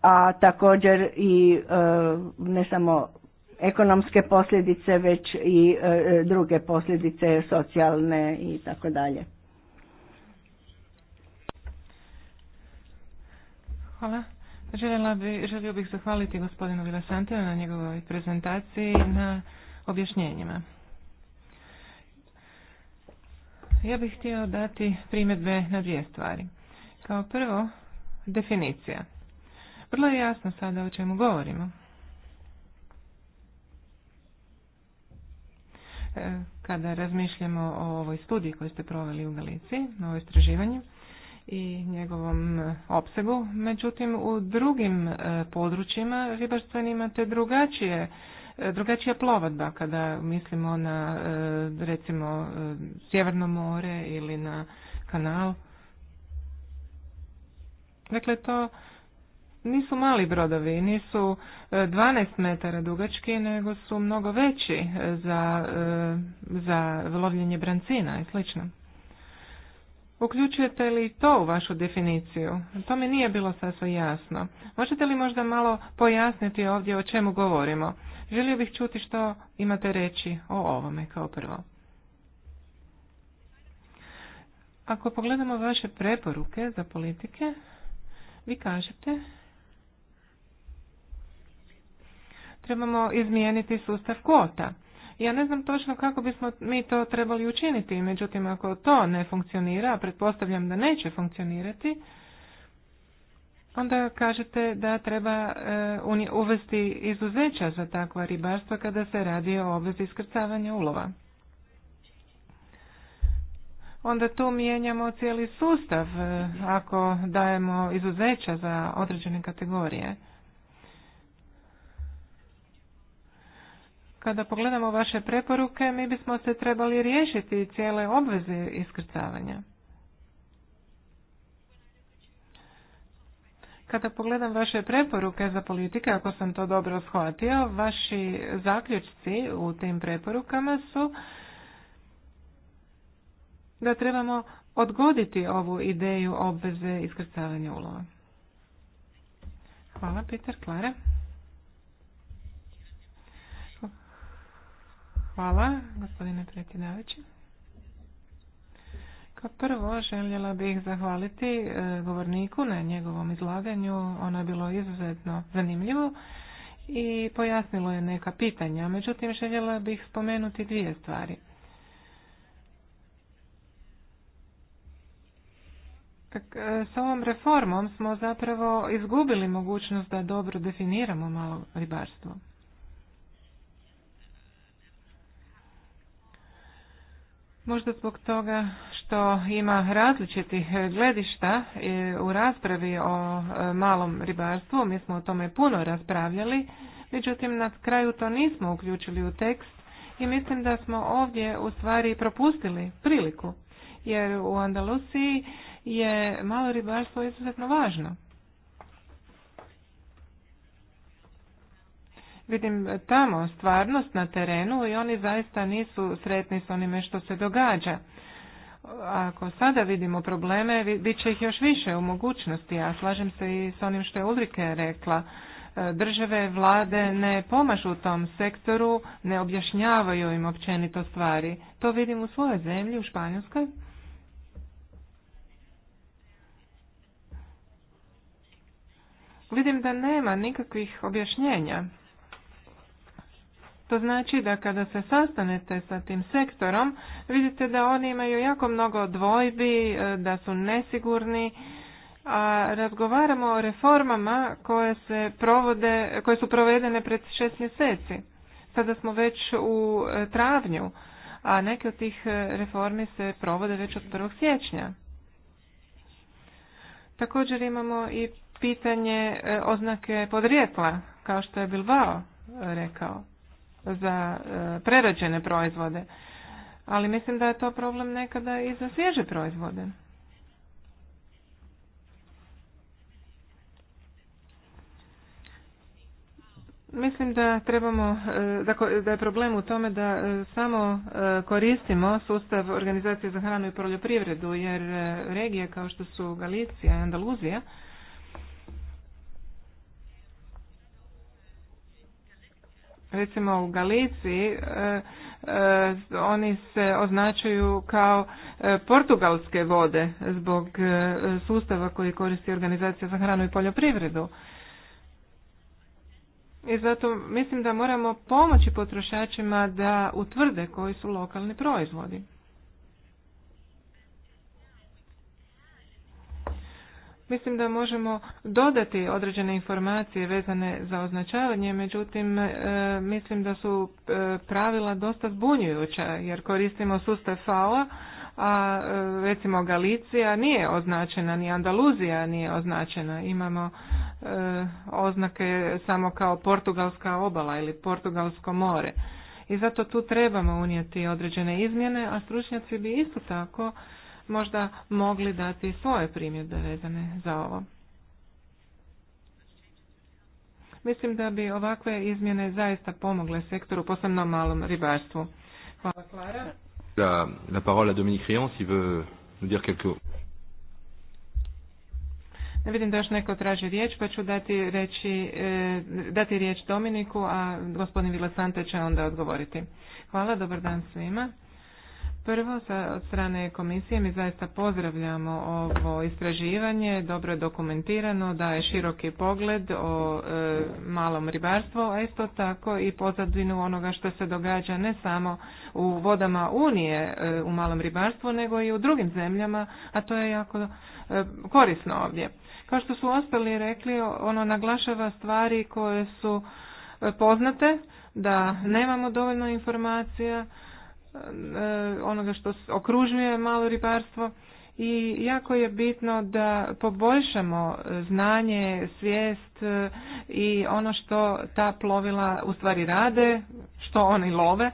a također i ne samo ekonomske posljedice, već i druge posljedice socijalne i tako dalje. Hvala bi, želio bih zahvaliti gospodinu Vilasantinu na njegovoj prezentaciji i na objašnjenjima. Ja bih htio dati primjedbe na dvije stvari. Kao prvo, definicija. Vrlo je jasno sada o čemu govorimo. E, kada razmišljamo o ovoj studiji koju ste proveli u Galiciji, o ovoj istraživanju, i njegovom e, opsegu. Međutim, u drugim e, područjima ribarstvenima imate drugačije e, drugačija plovadba kada mislimo na recimo Sjeverno more ili na kanal. Dakle, to nisu mali brodovi, nisu 12 metara dugački, nego su mnogo veći za, za lovljenje brancina i slično. Uključujete li to u vašu definiciju? To mi nije bilo sasvim jasno. Možete li možda malo pojasniti ovdje o čemu govorimo? Želio bih čuti što imate reći o ovome kao prvo. Ako pogledamo vaše preporuke za politike, vi kažete trebamo izmijeniti sustav kvota. Ja ne znam točno kako bismo mi to trebali učiniti, međutim ako to ne funkcionira, a pretpostavljam da neće funkcionirati, onda kažete da treba e, uvesti izuzeća za takva ribarstva kada se radi o obvezi iskrcavanja ulova. Onda tu mijenjamo cijeli sustav e, ako dajemo izuzeća za određene kategorije. kada pogledamo vaše preporuke, mi bismo se trebali riješiti cijele obveze iskrcavanja. Kada pogledam vaše preporuke za politike, ako sam to dobro shvatio, vaši zaključci u tim preporukama su da trebamo odgoditi ovu ideju obveze iskrcavanja ulova. Hvala, Peter Klara. Hvala, gospodine predsjedavajući. Kao prvo željela bih zahvaliti e, govorniku na njegovom izlaganju. Ono je bilo izuzetno zanimljivo i pojasnilo je neka pitanja. Međutim, željela bih spomenuti dvije stvari. E, sa ovom reformom smo zapravo izgubili mogućnost da dobro definiramo malo ribarstvo. Možda zbog toga što ima različitih gledišta e, u raspravi o e, malom ribarstvu, mi smo o tome puno raspravljali, međutim na kraju to nismo uključili u tekst i mislim da smo ovdje u stvari propustili priliku, jer u Andalusiji je malo ribarstvo izuzetno važno. vidim tamo stvarnost na terenu i oni zaista nisu sretni s onime što se događa. Ako sada vidimo probleme, bit će ih još više u mogućnosti, a slažem se i s onim što je Ulrike rekla. E, države, vlade ne pomažu u tom sektoru, ne objašnjavaju im općenito stvari. To vidim u svojoj zemlji, u Španjolskoj. Vidim da nema nikakvih objašnjenja to znači da kada se sastanete sa tim sektorom, vidite da oni imaju jako mnogo dvojbi, e, da su nesigurni, a razgovaramo o reformama koje, se provode, koje su provedene pred šest mjeseci. Sada smo već u e, travnju, a neke od tih e, reformi se provode već od 1. siječnja. Također imamo i pitanje oznake podrijetla, kao što je Bilbao rekao za e, prerađene proizvode. Ali mislim da je to problem nekada i za svježe proizvode. Mislim da trebamo, e, da je problem u tome da e, samo koristimo sustav organizacije za hranu i poljoprivredu, jer regije kao što su Galicija i Andaluzija, recimo u Galiciji e, e, oni se označuju kao e, portugalske vode zbog sustava koji koristi organizacija za hranu i poljoprivredu. I zato mislim da moramo pomoći potrošačima da utvrde koji su lokalni proizvodi. Mislim da možemo dodati određene informacije vezane za označavanje, međutim e, mislim da su e, pravila dosta zbunjujuća jer koristimo sustav FAO-a, a e, recimo Galicija nije označena, ni Andaluzija nije označena. Imamo oznake samo kao Portugalska obala ili Portugalsko more. I zato tu trebamo unijeti određene izmjene, a stručnjaci bi isto tako možda mogli dati svoje primjedbe vezane za ovo. Mislim da bi ovakve izmjene zaista pomogle sektoru, posebno malom ribarstvu. Hvala, Klara. La, la parole à Dominique Rion, si veut nous dire Ne vidim da još neko traži riječ, pa ću dati, reći, e, dati riječ Dominiku, a gospodin Vilasante će onda odgovoriti. Hvala, dobar dan svima. Prvo, sa, od strane komisije mi zaista pozdravljamo ovo istraživanje, dobro je dokumentirano, daje široki pogled o e, malom ribarstvu, a isto tako i pozadinu onoga što se događa ne samo u vodama Unije e, u malom ribarstvu, nego i u drugim zemljama, a to je jako e, korisno ovdje. Kao što su ostali rekli, ono naglašava stvari koje su poznate, da nemamo dovoljno informacija, E, onoga što okružuje malo ribarstvo i jako je bitno da poboljšamo znanje, svijest e, i ono što ta plovila u stvari rade, što oni love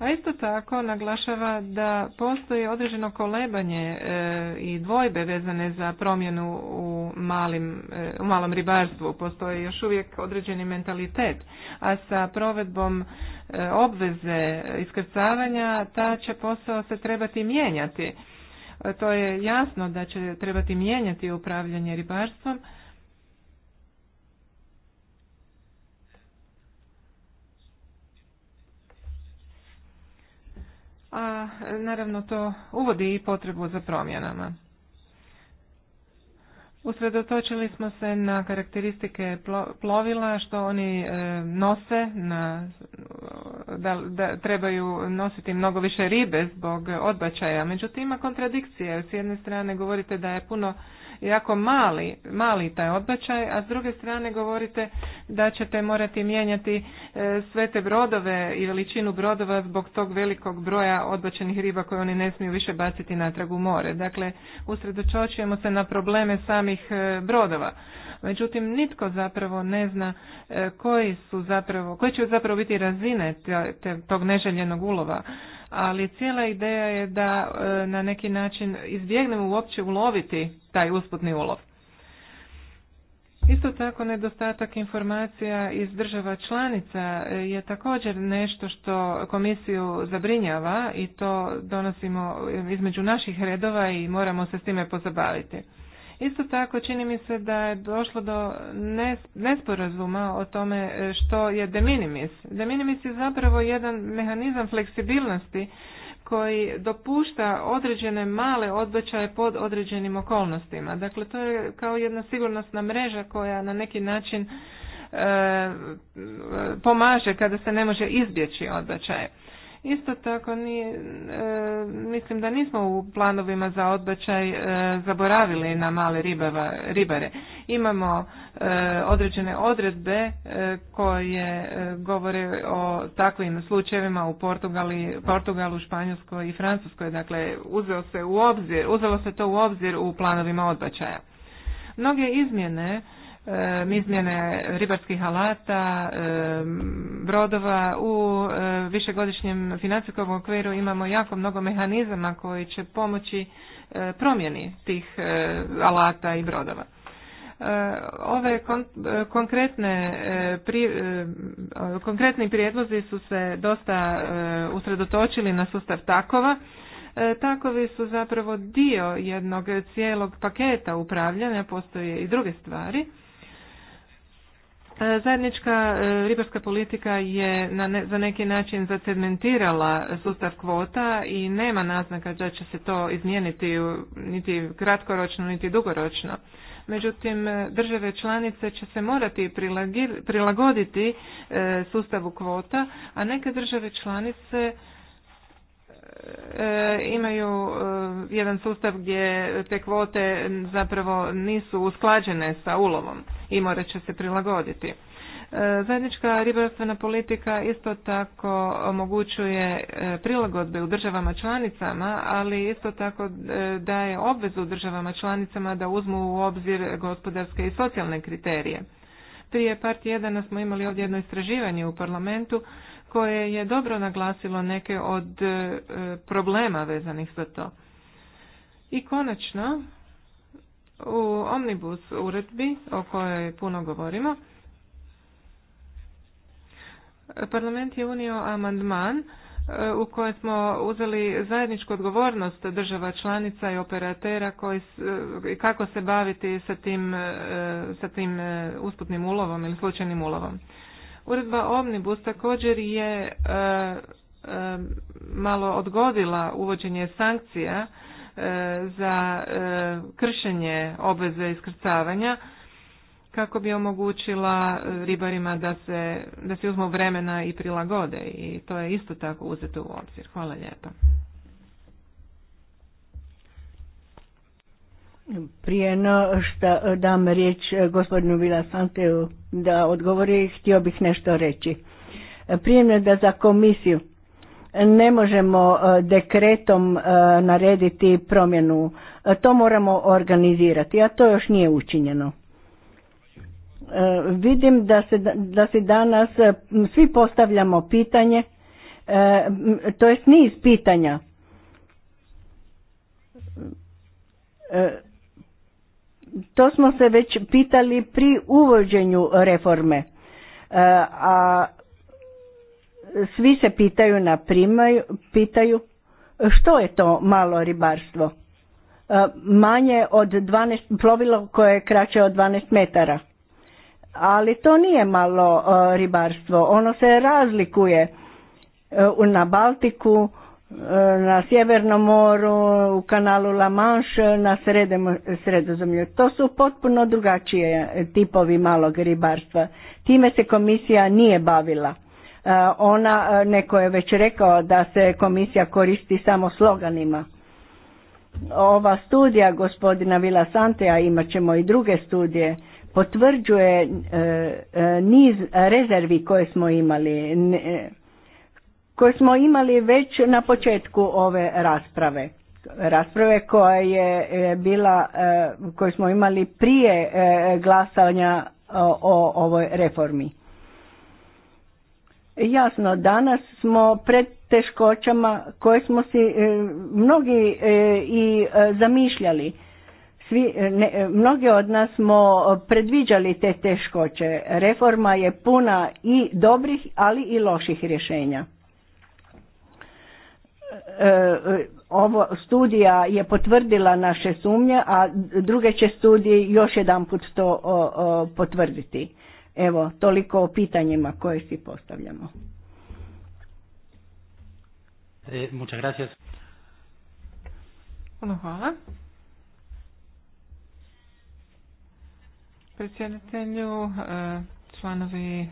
a isto tako naglašava da postoji određeno kolebanje e, i dvojbe vezane za promjenu u, malim, e, u malom ribarstvu. Postoji još uvijek određeni mentalitet, a sa provedbom e, obveze iskrcavanja ta će posao se trebati mijenjati. To je jasno da će trebati mijenjati upravljanje ribarstvom, a naravno to uvodi i potrebu za promjenama. Usredotočili smo se na karakteristike plovila što oni e, nose, na, da, da trebaju nositi mnogo više ribe zbog odbačaja. Međutim, ima kontradikcije. S jedne strane govorite da je puno jako mali, mali taj odbačaj, a s druge strane govorite da ćete morati mijenjati e, sve te brodove i veličinu brodova zbog tog velikog broja odbačenih riba koje oni ne smiju više baciti natrag u more. Dakle, usredočočujemo se na probleme samih e, brodova. Međutim, nitko zapravo ne zna e, koji su zapravo, koji će zapravo biti razine te, tog neželjenog ulova ali cijela ideja je da e, na neki način izbjegnemo uopće uloviti taj usputni ulov. Isto tako nedostatak informacija iz država članica e, je također nešto što komisiju zabrinjava i to donosimo između naših redova i moramo se s time pozabaviti. Isto tako čini mi se da je došlo do nesporazuma o tome e, što je de minimis. De minimis je zapravo jedan mehanizam fleksibilnosti koji dopušta određene male odbačaje pod određenim okolnostima. Dakle, to je kao jedna sigurnosna mreža koja na neki način e, pomaže kada se ne može izbjeći odbačaje. Isto tako ni e, mislim da nismo u planovima za odbačaj e, zaboravili na male ribava, ribare. Imamo e, određene odredbe koje govore o takvim slučajevima u Portugali, Portugalu, Španjolskoj i Francuskoj. Dakle, uzeo se u obzir, uzelo se to u obzir u planovima odbačaja. Mnoge izmjene izmjene ribarskih alata, brodova. U višegodišnjem financijskom okviru imamo jako mnogo mehanizama koji će pomoći promjeni tih alata i brodova. Ove konkretne konkretni prijedlozi su se dosta usredotočili na sustav takova. E, takovi su zapravo dio jednog cijelog paketa upravljanja, postoje i druge stvari E, zajednička e, ribarska politika je na, za neki način zacementirala sustav kvota i nema naznaka da će se to izmijeniti niti kratkoročno niti dugoročno. Međutim, e, države članice će se morati prilagoditi sustavu kvota, a neke države članice E, imaju e, jedan sustav gdje te kvote zapravo nisu usklađene sa ulovom i morat će se prilagoditi. E, zajednička ribarstvena politika isto tako omogućuje prilagodbe u državama članicama, ali isto tako daje obvezu državama članicama da uzmu u obzir gospodarske i socijalne kriterije. Prije Partije 1 smo imali ovdje jedno istraživanje u parlamentu koje je dobro naglasilo neke od e, problema vezanih za to. I konačno, u Omnibus uredbi o kojoj puno govorimo, parlament je unio amandman e, u kojem smo uzeli zajedničku odgovornost država članica i operatera koji, e, kako se baviti sa tim, sa tim usputnim ulovom ili slučajnim ulovom. Uredba Omnibus također je e, e, malo odgodila uvođenje sankcija e, za kršenje obveze iskrcavanja kako bi omogućila ribarima da se, da se uzmu vremena i prilagode i to je isto tako uzeto u obzir. Hvala lijepa. Prije no što dam riječ gospodinu Vila Santeu da odgovori, htio bih nešto reći. Prije da za komisiju ne možemo e, dekretom e, narediti promjenu. E, to moramo organizirati, a to još nije učinjeno. Vidim da se, da se danas svi postavljamo pitanje, to jest niz pitanja to smo se već pitali pri uvođenju reforme. E, a svi se pitaju na primaju, pitaju što je to malo ribarstvo? E, manje od 12, plovilo koje je kraće od 12 metara. Ali to nije malo e, ribarstvo, ono se razlikuje na Baltiku Eh, na Sjevernom moru, u kanalu La Manche, na sredozemlju. To su potpuno drugačije eh, tipovi malog ribarstva. Time se komisija nije bavila. Eh, ona, neko je već rekao da se komisija koristi samo sloganima. Ova studija gospodina Vila Santea, imat ćemo i druge studije, potvrđuje niz rezervi koje smo imali. Ne, koje smo imali već na početku ove rasprave. Rasprave koja je e, bila, e, koju smo imali prije e, glasanja o ovoj reformi. Jasno, danas smo pred teškoćama koje smo si mnogi i zamišljali. Svi, mnogi od nas smo predviđali te teškoće. Reforma je puna i dobrih, ali i loših rješenja. E, e, ovo studija je potvrdila naše sumnje, a druge će studije još jedanput to potvrditi. Evo, toliko o pitanjima koje si postavljamo. E, muchas gracias. hvala članovi e,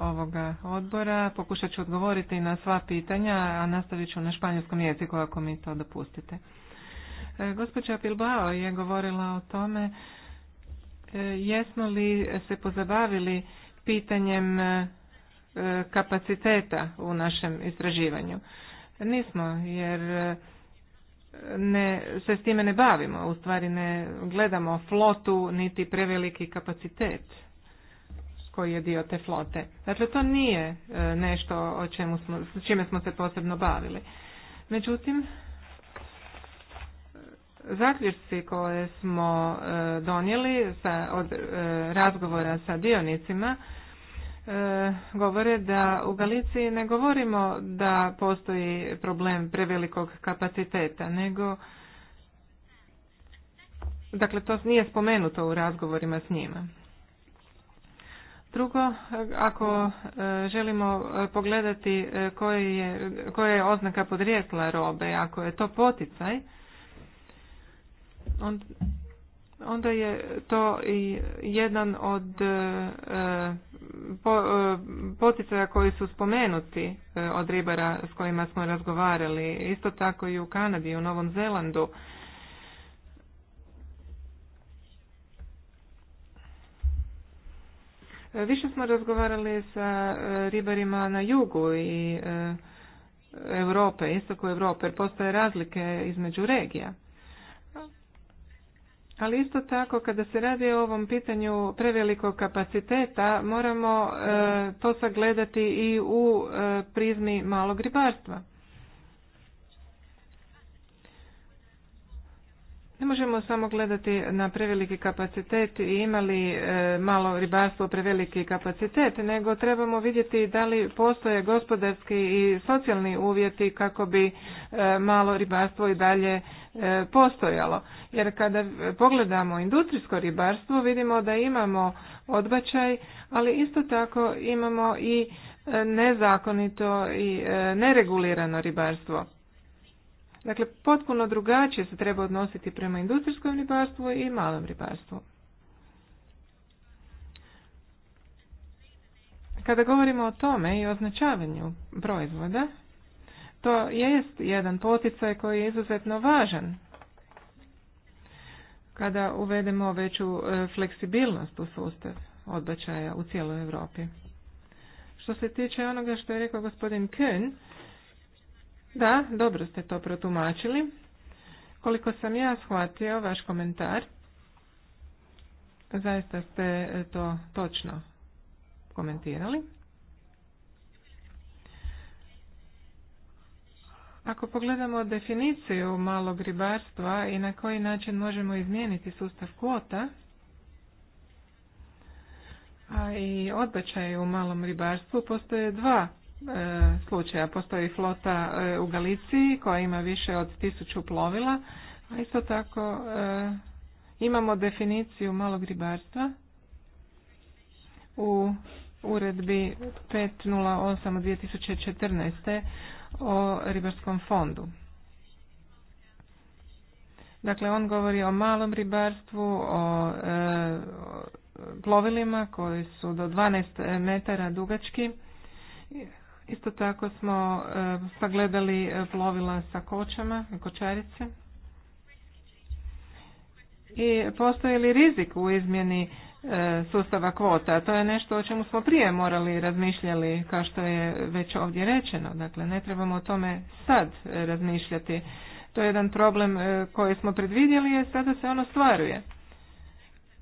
ovoga odbora. Pokušat ću odgovoriti na sva pitanja, a nastavit ću na španjolskom jeziku ako mi to dopustite. E, gospođa Pilbao je govorila o tome e, jesmo li se pozabavili pitanjem kapaciteta u našem istraživanju. Nismo, jer ne, se s time ne bavimo, u stvari ne gledamo flotu niti preveliki kapacitet koji je dio te flote. Dakle, to nije e, nešto o čemu smo, s čime smo se posebno bavili. Međutim, e, zaključci koje smo e, donijeli sa, od razgovora sa dionicima govore da u Galiciji ne govorimo da postoji problem prevelikog kapaciteta, nego Dakle, to nije spomenuto u razgovorima s njima. Drugo, ako e, želimo e, pogledati e, koja je, je oznaka podrijetla robe, ako je to poticaj, onda je to i jedan od poticaja koji su spomenuti od ribara s kojima smo razgovarali. Isto tako i u Kanadi, u Novom Zelandu Više smo razgovarali sa e, ribarima na jugu i e, Europe, istoku Europe, jer postoje razlike između regija. Ali isto tako kada se radi o ovom pitanju prevelikog kapaciteta moramo e, to sagledati i u prizmi malog ribarstva. Ne možemo samo gledati na preveliki kapacitet i imali e, malo ribarstvo preveliki kapacitet, nego trebamo vidjeti da li postoje gospodarski i socijalni uvjeti kako bi e, malo ribarstvo i dalje e, postojalo. Jer kada pogledamo industrijsko ribarstvo vidimo da imamo odbačaj, ali isto tako imamo i nezakonito i neregulirano ribarstvo. Dakle, potpuno drugačije se treba odnositi prema industrijskom ribarstvu i malom ribarstvu. Kada govorimo o tome i označavanju proizvoda, to jest jedan poticaj koji je izuzetno važan kada uvedemo veću e, fleksibilnost u sustav odbačaja u cijeloj Europi. Što se tiče onoga što je rekao gospodin Kuhn, da, dobro ste to protumačili. Koliko sam ja shvatio vaš komentar, zaista ste e, to točno komentirali. Ako pogledamo definiciju malog ribarstva i na koji način možemo izmijeniti sustav kvota, a i odbačaje u malom ribarstvu, postoje dva E, slučaja. Postoji flota e, u Galiciji koja ima više od tisuću plovila, a isto tako e, imamo definiciju malog ribarstva u uredbi 508-2014 o ribarskom fondu. Dakle, on govori o malom ribarstvu, o plovilima koji su do 12 metara dugački Isto tako smo e, sagledali e, plovila sa kočama i kočarice. I postoji li rizik u izmjeni e, sustava kvota? To je nešto o čemu smo prije morali razmišljali, kao što je već ovdje rečeno. Dakle, ne trebamo o tome sad razmišljati. To je jedan problem koji smo predvidjeli, je sada se ono stvaruje.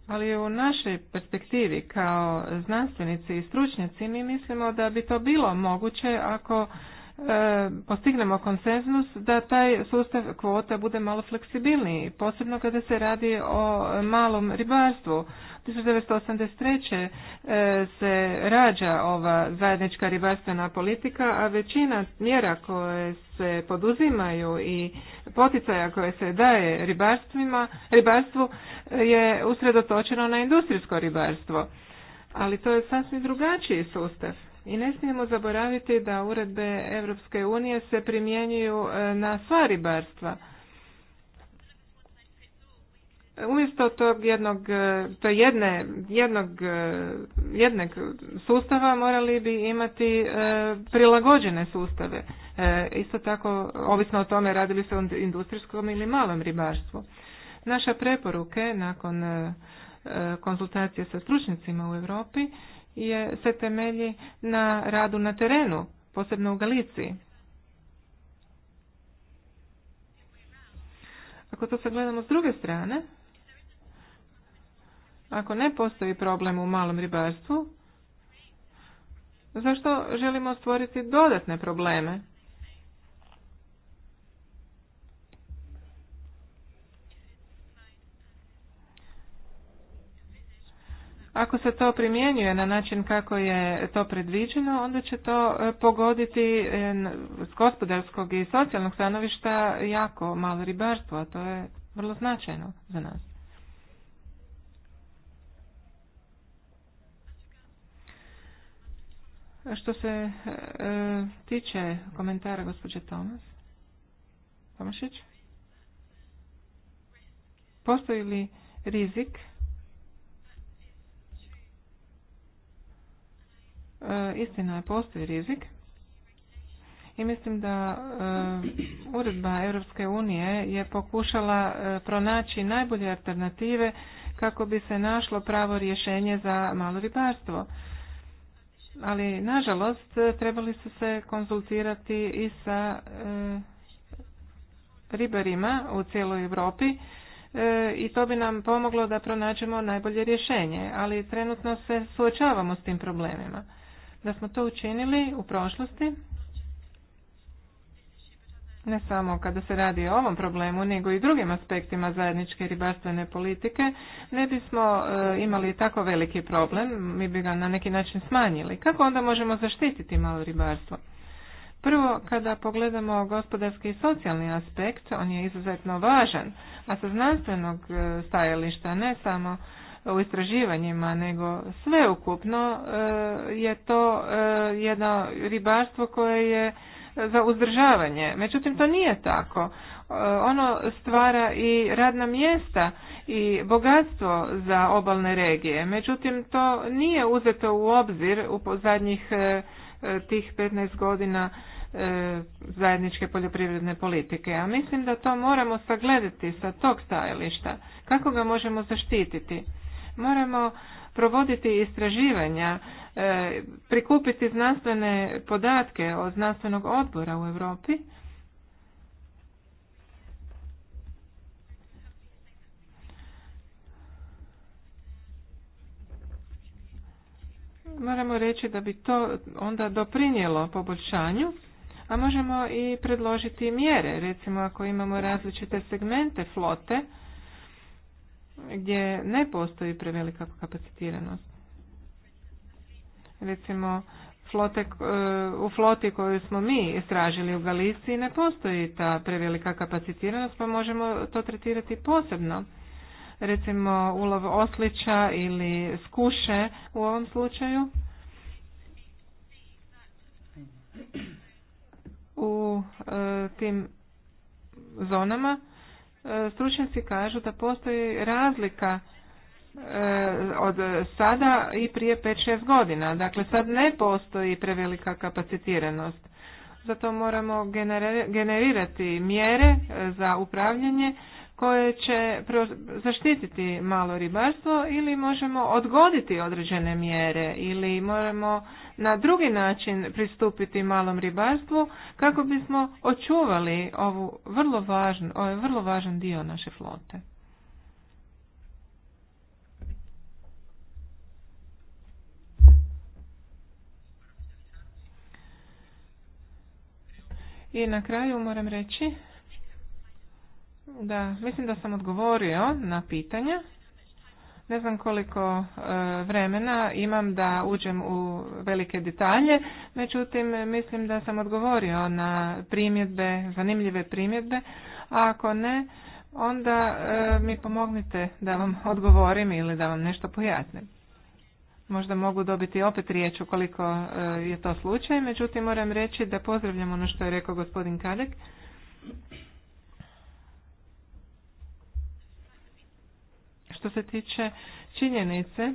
Ali u našoj perspektivi kao znanstvenici i stručnjaci mi mislimo da bi to bilo moguće ako e, postignemo konsenzus da taj sustav kvota bude malo fleksibilniji, posebno kada se radi o malom ribarstvu. 1983. E, se rađa ova zajednička ribarstvena politika, a većina mjera koje se poduzimaju i poticaja koje se daje ribarstvima, ribarstvu je usredotočeno na industrijsko ribarstvo. Ali to je sasvim drugačiji sustav. I ne smijemo zaboraviti da uredbe Europske unije se primjenjuju e, na sva ribarstva umjesto tog jednog, e, to jedne, jednog, e, jednog sustava morali bi imati e, prilagođene sustave. Isto tako, ovisno o tome radili se o industrijskom ili malom ribarstvu. Naša preporuke nakon konsultacije sa stručnicima u Europi je, se temelji na radu na terenu, posebno u Galiciji. Ako to gledamo s druge strane, ako ne postoji problem u malom ribarstvu, zašto želimo stvoriti dodatne probleme? Ako se to primjenjuje na način kako je to predviđeno, onda će to e, pogoditi e, s gospodarskog i socijalnog stanovišta jako malo ribarstvo, a to je vrlo značajno za nas. Što se e, tiče komentara gospođe Tomas, Tomašić, postoji li rizik e, Istina je, postoji rizik i mislim da e, uredba Europske unije je pokušala e, pronaći najbolje alternative kako bi se našlo pravo rješenje za malo ribarstvo ali nažalost trebali su se konzultirati i sa e, ribarima u cijeloj Europi e, i to bi nam pomoglo da pronađemo najbolje rješenje, ali trenutno se suočavamo s tim problemima. Da smo to učinili u prošlosti, ne samo kada se radi o ovom problemu, nego i drugim aspektima zajedničke ribarstvene politike, ne bismo e, imali tako veliki problem, mi bi ga na neki način smanjili. Kako onda možemo zaštititi malo ribarstvo? Prvo, kada pogledamo gospodarski i socijalni aspekt, on je izuzetno važan, a sa znanstvenog e, stajališta ne samo u istraživanjima, nego sveukupno e, je to jedno ribarstvo koje je za uzdržavanje. Međutim, to nije tako. E, ono stvara i radna mjesta i bogatstvo za obalne regije. Međutim, to nije uzeto u obzir u zadnjih e, e, tih 15 godina zajedničke poljoprivredne politike. A mislim da to moramo sagledati sa tog stajališta. Kako ga možemo zaštititi? Moramo provoditi istraživanja, e, prikupiti znanstvene podatke od znanstvenog odbora u Europi. Moramo reći da bi to onda doprinijelo poboljšanju, a možemo i predložiti mjere, recimo ako imamo različite segmente flote, gdje ne postoji prevelika kapacitiranost. Recimo, flote, e, u floti koju smo mi istražili u Galiciji ne postoji ta prevelika kapacitiranost, pa možemo to tretirati posebno. Recimo, ulov oslića ili skuše u ovom slučaju. U e, tim zonama E, stručnjaci kažu da postoji razlika e, od sada i prije 5-6 godina. Dakle, sad ne postoji prevelika kapacitiranost. Zato moramo generirati mjere e, za upravljanje koje će zaštititi malo ribarstvo ili možemo odgoditi određene mjere ili moramo na drugi način pristupiti malom ribarstvu kako bismo očuvali ovu vrlo važan, ovaj vrlo važan dio naše flote. I na kraju moram reći da, mislim da sam odgovorio na pitanja. Ne znam koliko e, vremena imam da uđem u velike detalje, međutim mislim da sam odgovorio na primjedbe, zanimljive primjedbe, a ako ne, onda e, mi pomognite da vam odgovorim ili da vam nešto pojasnim. Možda mogu dobiti opet riječ ukoliko e, je to slučaj, međutim moram reći da pozdravljam ono što je rekao gospodin Kadek što se tiče činjenice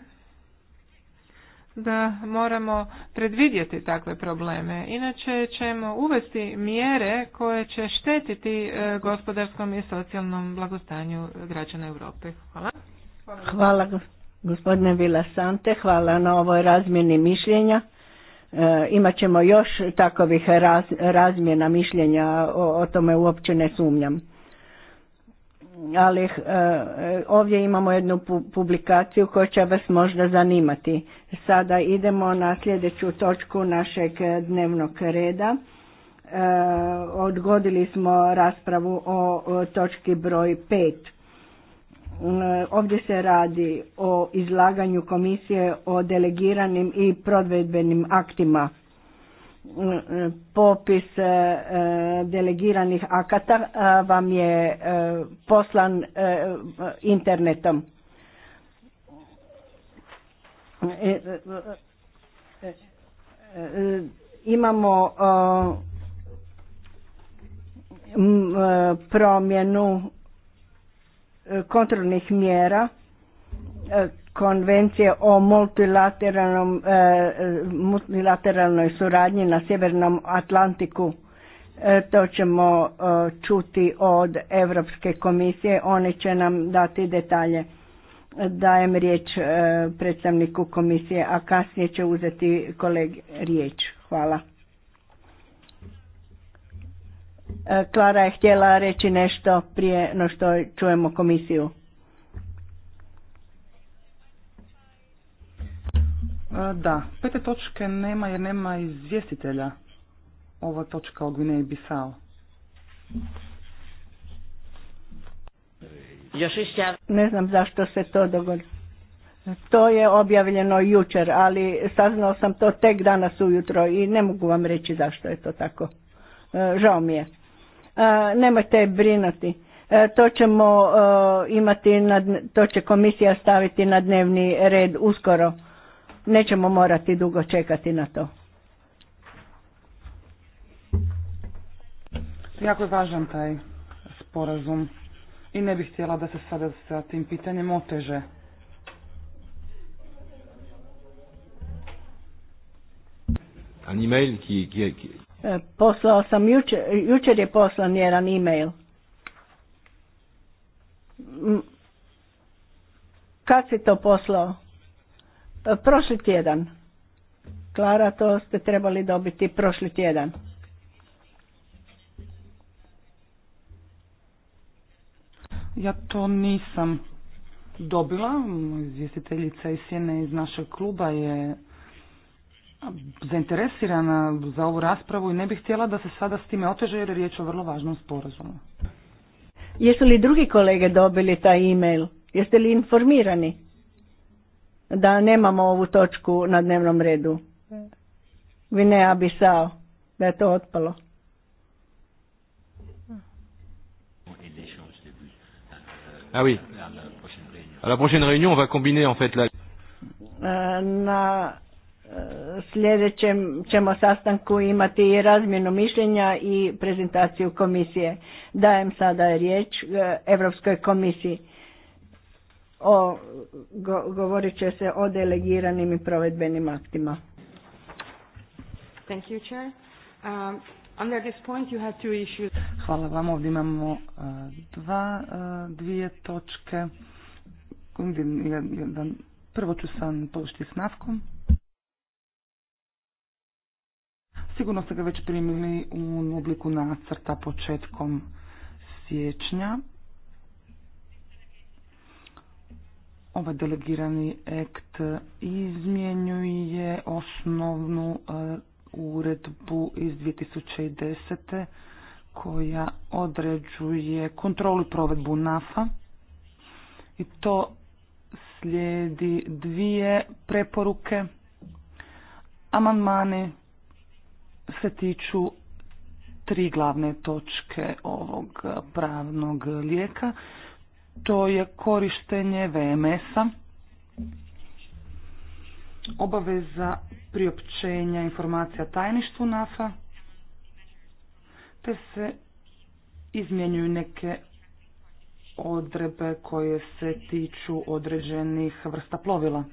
da moramo predvidjeti takve probleme. Inače ćemo uvesti mjere koje će štetiti e, gospodarskom i socijalnom blagostanju građana Europe. Hvala. Hvala gospodine Vila Sante, hvala na ovoj razmjeni mišljenja. E, imat ćemo još takovih razmjena mišljenja, o, o tome uopće ne sumnjam ali eh, ovdje imamo jednu publikaciju koja će vas možda zanimati. Sada idemo na sljedeću točku našeg dnevnog reda. Eh, odgodili smo raspravu o točki broj 5. Eh, ovdje se radi o izlaganju komisije o delegiranim i prodvedbenim aktima popis e, delegiranih akata e, vam je e, poslan internetom. Imamo promjenu kontrolnih mjera konvencije o multilateralnom, e, e, multilateralnoj suradnji na Sjevernom Atlantiku. E, to ćemo čuti od Europske komisije, one će nam dati detalje. Dajem riječ predstavniku komisije, a kasnije će uzeti kolegi riječ. Hvala. Klara je htjela reći nešto prije no što čujemo komisiju. Da, pete točke nema jer nema izvjestitelja. ova točka o Gvineji Bisao. Ne znam zašto se to dogodilo. To je objavljeno jučer, ali saznao sam to tek danas ujutro i ne mogu vam reći zašto je to tako. E, žao mi je. E, nemojte brinuti. E, to ćemo imati, to će komisija staviti na dnevni red uskoro Nećemo morati dugo čekati na to. Jako je važan taj sporazum i ne bih htjela da se sada sa tim pitanjem oteže. An email e, Poslao sam, jučer, jučer je poslan jedan e-mail. Kad si to poslao? prošli tjedan. Klara, to ste trebali dobiti prošli tjedan. Ja to nisam dobila. Izvjestiteljica iz Sjene iz našeg kluba je zainteresirana za ovu raspravu i ne bih htjela da se sada s time oteže jer je riječ o vrlo važnom sporazumu. Jesu li drugi kolege dobili taj e-mail? Jeste li informirani? da nemamo ovu točku na dnevnom redu. Gvineja sao da je to otpalo. Na sljedećem ćemo sastanku imati i razmjenu mišljenja i prezentaciju komisije. Dajem sada riječ Europskoj komisiji o, go, govorit će se o delegiranim i provedbenim aktima. Thank you, Chair. Um, under this point you have two issues. Hvala vam, ovdje imamo uh, dva, uh, dvije točke. Prvo ću sam položiti s navkom. Sigurno ste ga već primili u obliku nacrta početkom siječnja. Ovaj delegirani ekt izmjenjuje osnovnu e, uredbu iz 2010. koja određuje kontrolu provedbu NAFA i to slijedi dvije preporuke. Amandmani se tiču tri glavne točke ovog pravnog lijeka to je korištenje VMS-a, obaveza priopćenja informacija tajništvu NAFA, te se izmjenjuju neke odrebe koje se tiču određenih vrsta plovila.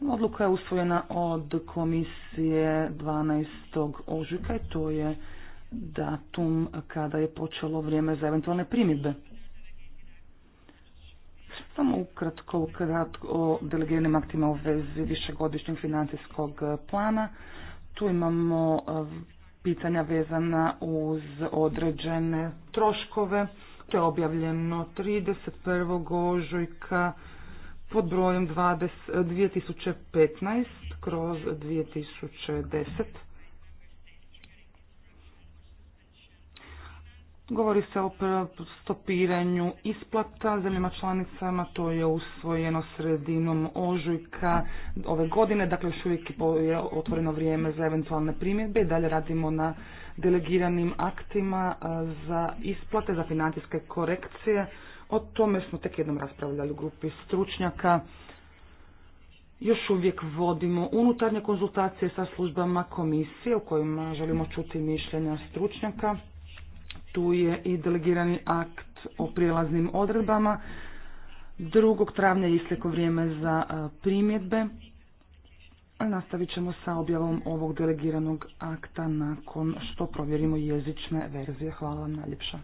Odluka je usvojena od komisije 12. ožujka i to je datum kada je počelo vrijeme za eventualne primjedbe. Samo ukratko, ukratko o delegiranim aktima u vezi višegodišnjeg financijskog eh, plana. Tu imamo eh, pitanja vezana uz određene troškove. To je objavljeno 31. ožujka pod brojem 20, 2015 eh, kroz 2010. Govori se o stopiranju isplata zemljama članicama, to je usvojeno sredinom ožujka ove godine, dakle još uvijek je otvoreno vrijeme za eventualne primjedbe i dalje radimo na delegiranim aktima za isplate, za financijske korekcije. O tome smo tek jednom raspravljali u grupi stručnjaka. Još uvijek vodimo unutarnje konzultacije sa službama komisije u kojima želimo čuti mišljenja stručnjaka tu je i delegirani akt o prijelaznim odredbama. 2. travnja je isteko vrijeme za e, primjedbe. Nastavit ćemo sa objavom ovog delegiranog akta nakon što provjerimo jezične verzije. Hvala vam najljepša.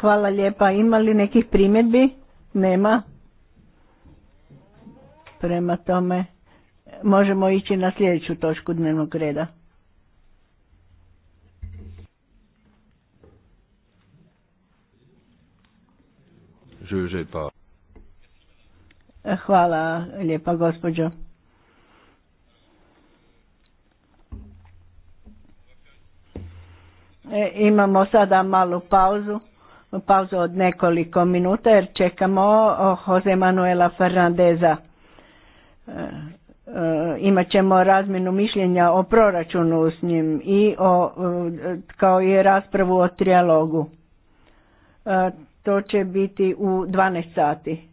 Hvala lijepa. Ima li nekih primjedbi? Nema. Prema tome Možemo ići na sljedeću točku dnevnog reda. Hvala lijepa gospođo. e Imamo sada malu pauzu, pauzu od nekoliko minuta jer čekamo Jose Manuela Fernandeza. E, E, imat ćemo razmjenu mišljenja o proračunu s njim i o, e, kao i raspravu o trijalogu. E, to će biti u 12 sati.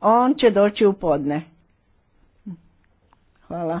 On će doći u podne. Hvala.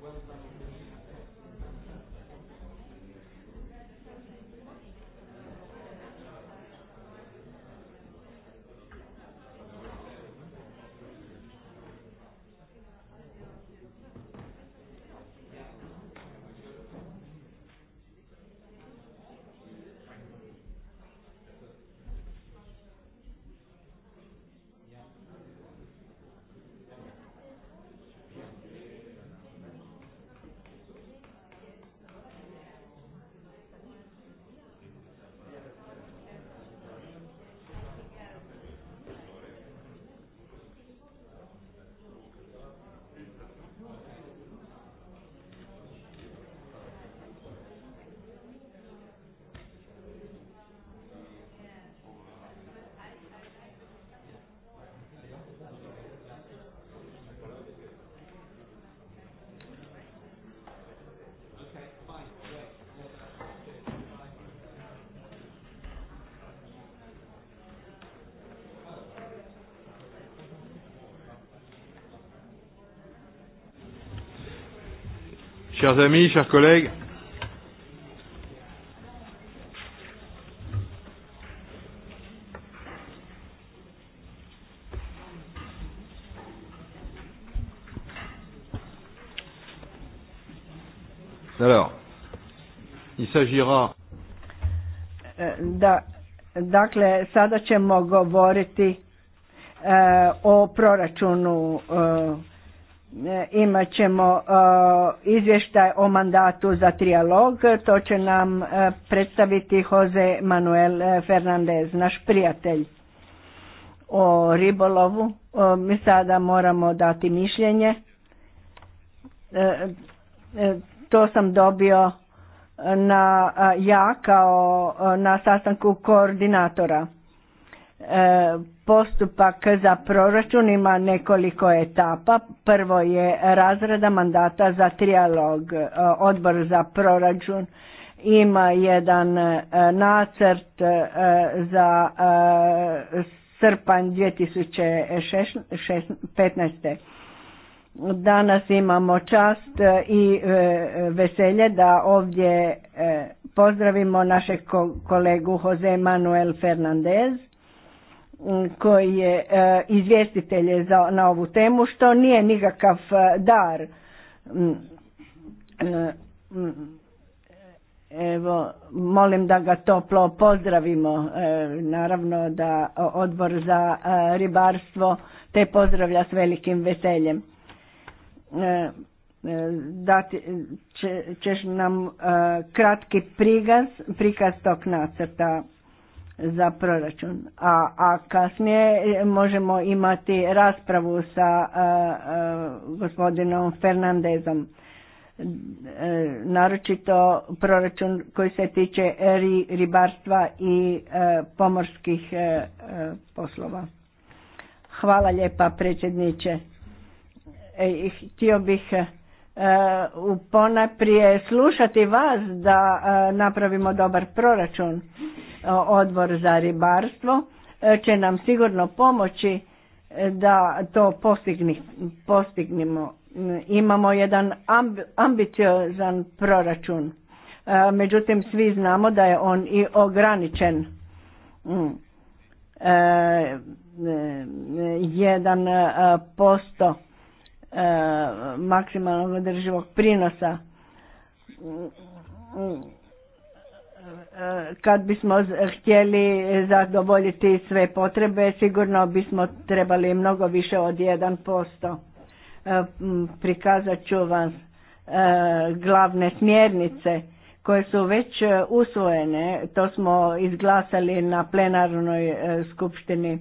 Hvala Chers amis, chers collègues, Alors, il s'agira e, da, dakle, sada ćemo govoriti uh, o proračunu uh, E, imat ćemo e, izvještaj o mandatu za trijalog, to će nam e, predstaviti Jose Manuel Fernandez, naš prijatelj o ribolovu. Mi sada moramo dati mišljenje. To sam dobio na, ja kao na sastanku koordinatora. Postupak za proračun ima nekoliko etapa. Prvo je razreda mandata za trijalog. E, odbor za proračun ima jedan e, nacrt e, za srpanj 2015. Danas imamo čast i veselje da ovdje pozdravimo našeg kolegu Jose Manuel Fernandez koji je e, izvjestitelj za, na ovu temu, što nije nikakav e, dar. E, evo, molim da ga toplo pozdravimo. Naravno da odbor za ribarstvo te pozdravlja s velikim veseljem. će, ćeš nam kratki prikaz, prikaz tog nacrta za proračun. A, a kasnije možemo imati raspravu sa e, e, gospodinom Fernandezom, e, naročito proračun koji se tiče ri, ribarstva i pomorskih poslova. Hvala lijepa predsjedniče. Htio bih u ponaprije slušati vas da napravimo dobar proračun odbor za ribarstvo e, će nam sigurno pomoći e, da to postignemo. Imamo jedan ambiciozan proračun, e, međutim svi znamo da je on i ograničen. Mm. Jedan posto maksimalnog održivog prinosa mm, mm kad bismo htjeli zadovoljiti sve potrebe, sigurno bismo trebali mnogo više od 1%. E, prikazat ću vam e, glavne smjernice koje su već e, usvojene, to smo izglasali na plenarnoj skupštini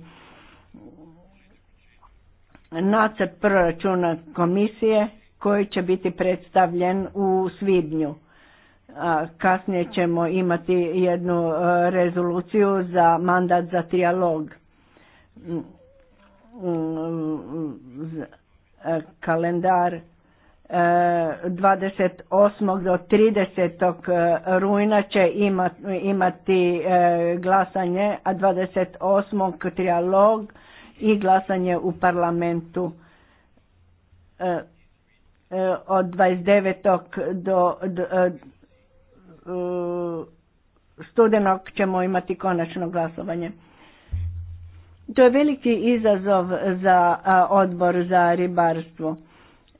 nacrt proračuna komisije koji će biti predstavljen u svibnju. Kasnije ćemo imati jednu e, rezoluciju za mandat za trijalog. E, kalendar 28. E, do 30. rujna će imati glasanje, a 28. trijalog i glasanje u parlamentu od 29. do E, studenog ćemo imati konačno glasovanje. To je veliki izazov za odbor za ribarstvo.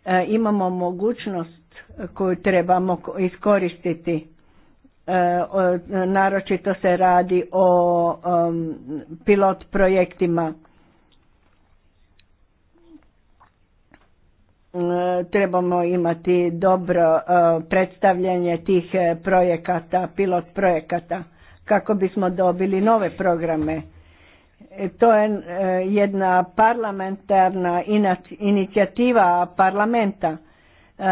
E, imamo mogućnost koju trebamo iskoristiti. E, naročito se radi o pilot projektima E, trebamo imati dobro e, predstavljanje tih e, projekata, pilot projekata kako bismo dobili nove programe. To je jedna parlamentarna inicijativa parlamenta.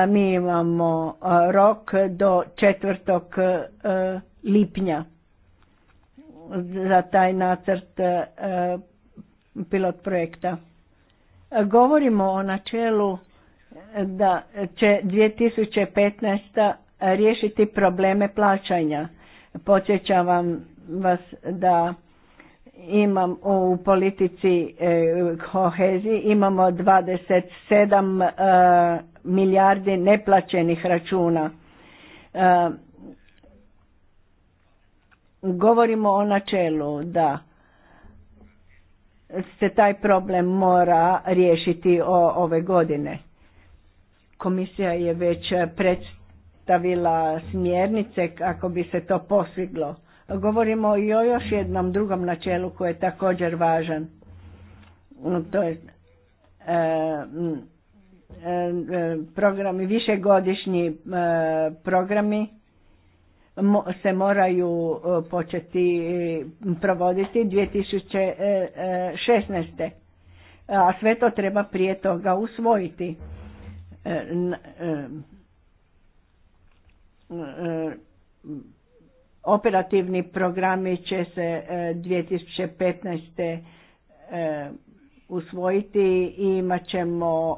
Mi imamo rok do četvrtog lipnja za taj nacrt pilot projekta. Govorimo o načelu da će 2015. riješiti probleme plaćanja. Podsjećam vas da imam u politici e, kohezi imamo 27 e, milijardi neplaćenih računa. E, govorimo o načelu da se taj problem mora riješiti ove godine. Komisija je već predstavila smjernice kako bi se to postiglo. Govorimo i o još jednom drugom načelu koji je također važan. To je e, e, e, programi, višegodišnji programi se moraju početi provoditi 2016. A sve to treba prije toga usvojiti. E, e, e, operativni programi će se 2015. usvojiti i imat ćemo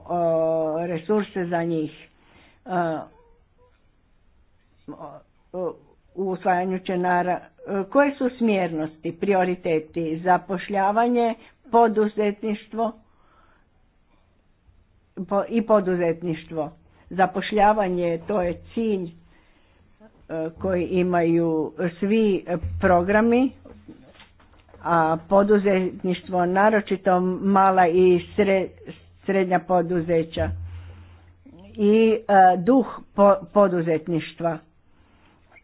resurse za njih. U usvajanju će koje su smjernosti, prioriteti, zapošljavanje, poduzetništvo, i poduzetništvo. Zapošljavanje to je cilj e, koji imaju svi programi, a poduzetništvo naročito mala i srednja poduzeća i e, duh poduzetništva.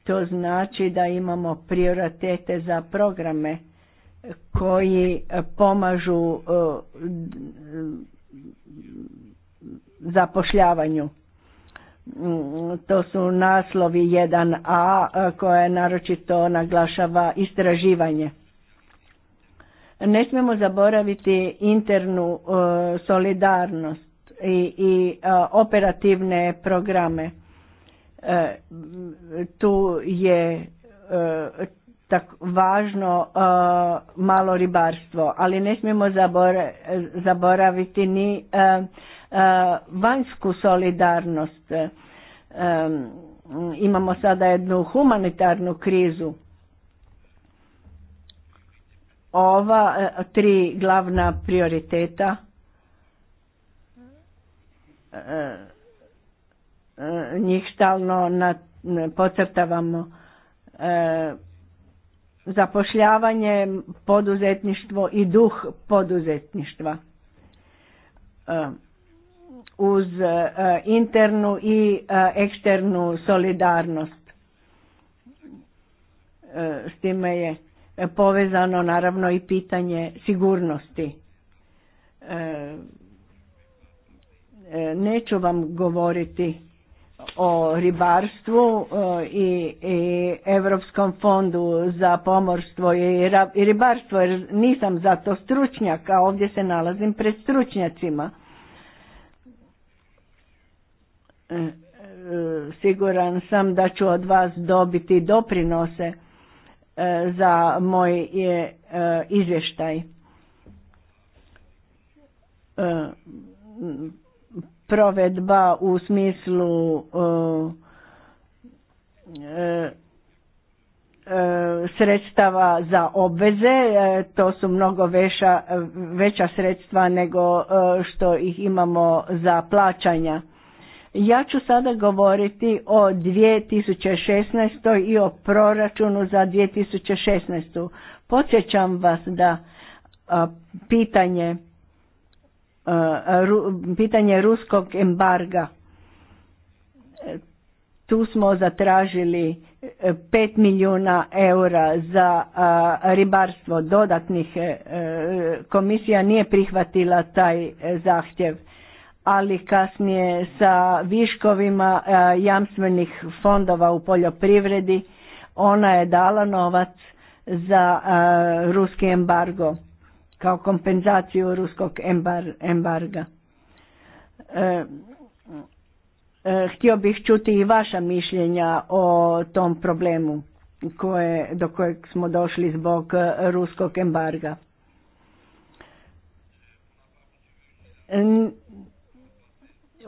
To znači da imamo prioritete za programe koji pomažu e, zapošljavanju. Mm, to su naslovi 1a e, koje naročito naglašava istraživanje. Ne smijemo zaboraviti internu e, solidarnost i, i e, operativne programe. Tu je tako važno malo ribarstvo, ali ne smijemo zaboraviti ni E, vanjsku solidarnost. E, imamo sada jednu humanitarnu krizu. Ova e, tri glavna prioriteta njih stalno pocrtavamo zapošljavanje, poduzetništvo i duh poduzetništva uz e, internu i e, eksternu solidarnost. E, s time je povezano naravno i pitanje sigurnosti. Neću vam govoriti o ribarstvu i, i Europskom fondu za pomorstvo i ribarstvo jer nisam za to stručnjak, a ovdje se nalazim pred stručnjacima. E, e, siguran sam da ću od vas dobiti doprinose e, za moj je izvještaj. Provedba u smislu sredstava za obveze, to su mnogo veća sredstva nego što ih imamo za plaćanja. Ja ću sada govoriti o 2016. i o proračunu za 2016. Podsjećam vas da pitanje pitanje ruskog embarga e, tu smo zatražili 5 e, milijuna eura za ribarstvo dodatnih e, komisija nije prihvatila taj zahtjev ali kasnije sa viškovima e, jamstvenih fondova u poljoprivredi ona je dala novac za e, ruski embargo kao kompenzaciju ruskog embar, embarga. E, htio bih čuti i vaša mišljenja o tom problemu koje, do kojeg smo došli zbog ruskog embarga.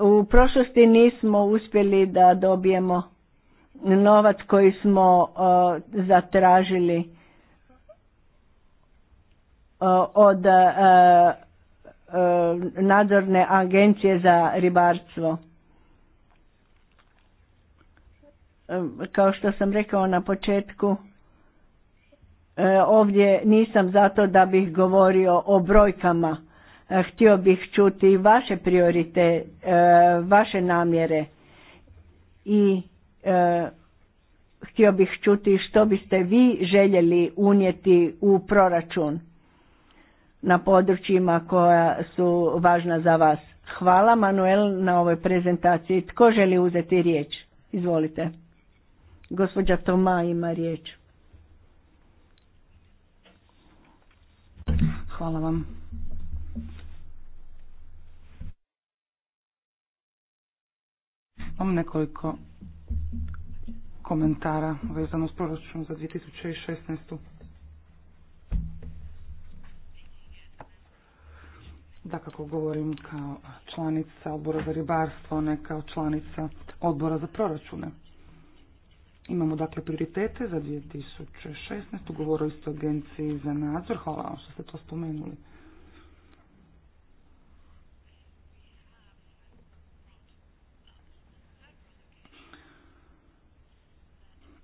U prošlosti nismo uspjeli da dobijemo novac koji smo e, zatražili e, od e, nadzorne agencije za ribarstvo. Kao što sam rekao na početku, ovdje nisam zato da bih govorio o brojkama. Eh, htio bih čuti vaše priorite, eh, vaše namjere i eh, htio bih čuti što biste vi željeli unijeti u proračun na područjima koja su važna za vas. Hvala Manuel na ovoj prezentaciji. Tko želi uzeti riječ? Izvolite. Gospođa Toma ima riječ. Hvala vam. Imam nekoliko komentara vezano s proračunom za 2016. Da kako govorim kao članica odbora za ribarstvo, ne kao članica odbora za proračune. Imamo dakle prioritete za 2016. ste o agenciji za nadzor. Hvala vam što ste to spomenuli.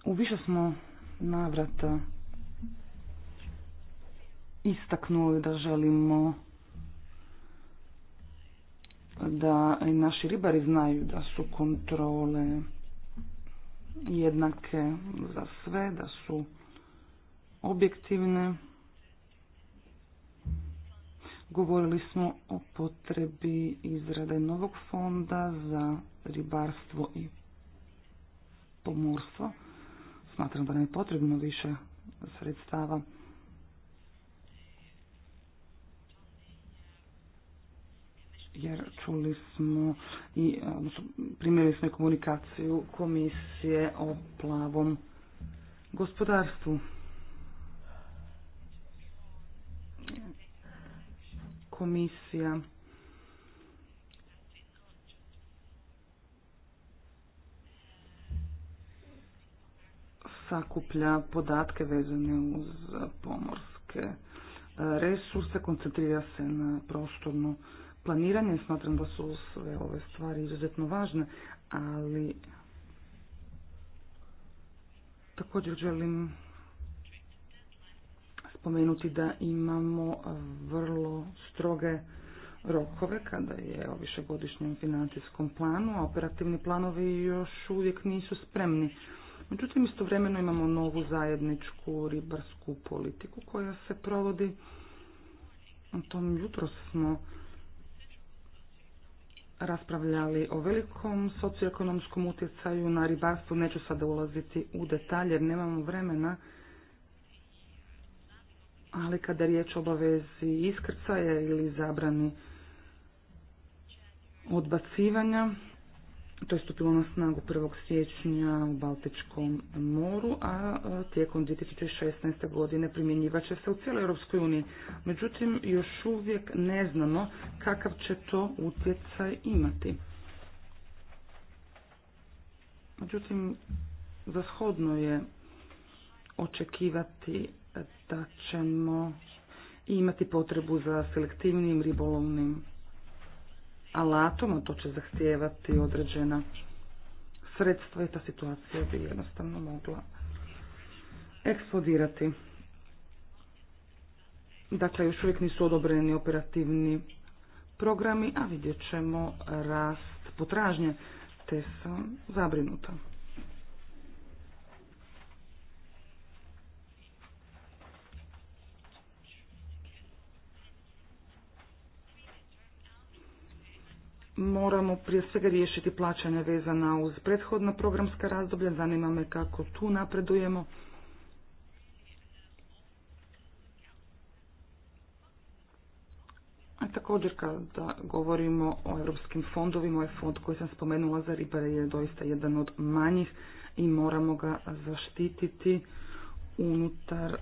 U više smo navrata istaknuli da želimo da i naši ribari znaju da su kontrole jednake za sve, da su objektivne. Govorili smo o potrebi izrade novog fonda za ribarstvo i pomorstvo. Smatram da nam je potrebno više sredstava. jer čuli smo i odnosno, smo komunikaciju komisije o plavom gospodarstvu. Komisija sakuplja podatke vezane uz pomorske e, resurse, koncentrira se na prostorno planiranje. Smatram da su sve ove stvari izuzetno važne, ali također želim spomenuti da imamo vrlo stroge rokove kada je o višegodišnjem financijskom planu, a operativni planovi još uvijek nisu spremni. Međutim, istovremeno imamo novu zajedničku ribarsku politiku koja se provodi. O tom jutro smo raspravljali o velikom socioekonomskom utjecaju na ribarstvo. Neću sada ulaziti u detalje jer nemamo vremena. Ali kada je riječ o obavezi iskrcaja ili zabrani odbacivanja, to je stupilo na snagu 1. siječnja u Baltičkom moru, a e, tijekom 2016. godine primjenjivat će se u cijeloj Europskoj uniji. Međutim, još uvijek ne znamo kakav će to utjecaj imati. Međutim, zashodno je očekivati da ćemo imati potrebu za selektivnim ribolovnim alatom, a to će zahtijevati određena sredstva i ta situacija bi jednostavno mogla eksplodirati. Dakle, još uvijek nisu odobreni operativni programi, a vidjet ćemo rast potražnje, te sam zabrinuta. moramo prije svega riješiti plaćanja vezana uz prethodna programska razdoblja. Zanima me kako tu napredujemo. A također kada govorimo o europskim fondovima, ovaj fond koji sam spomenula za ribare je doista jedan od manjih i moramo ga zaštititi unutar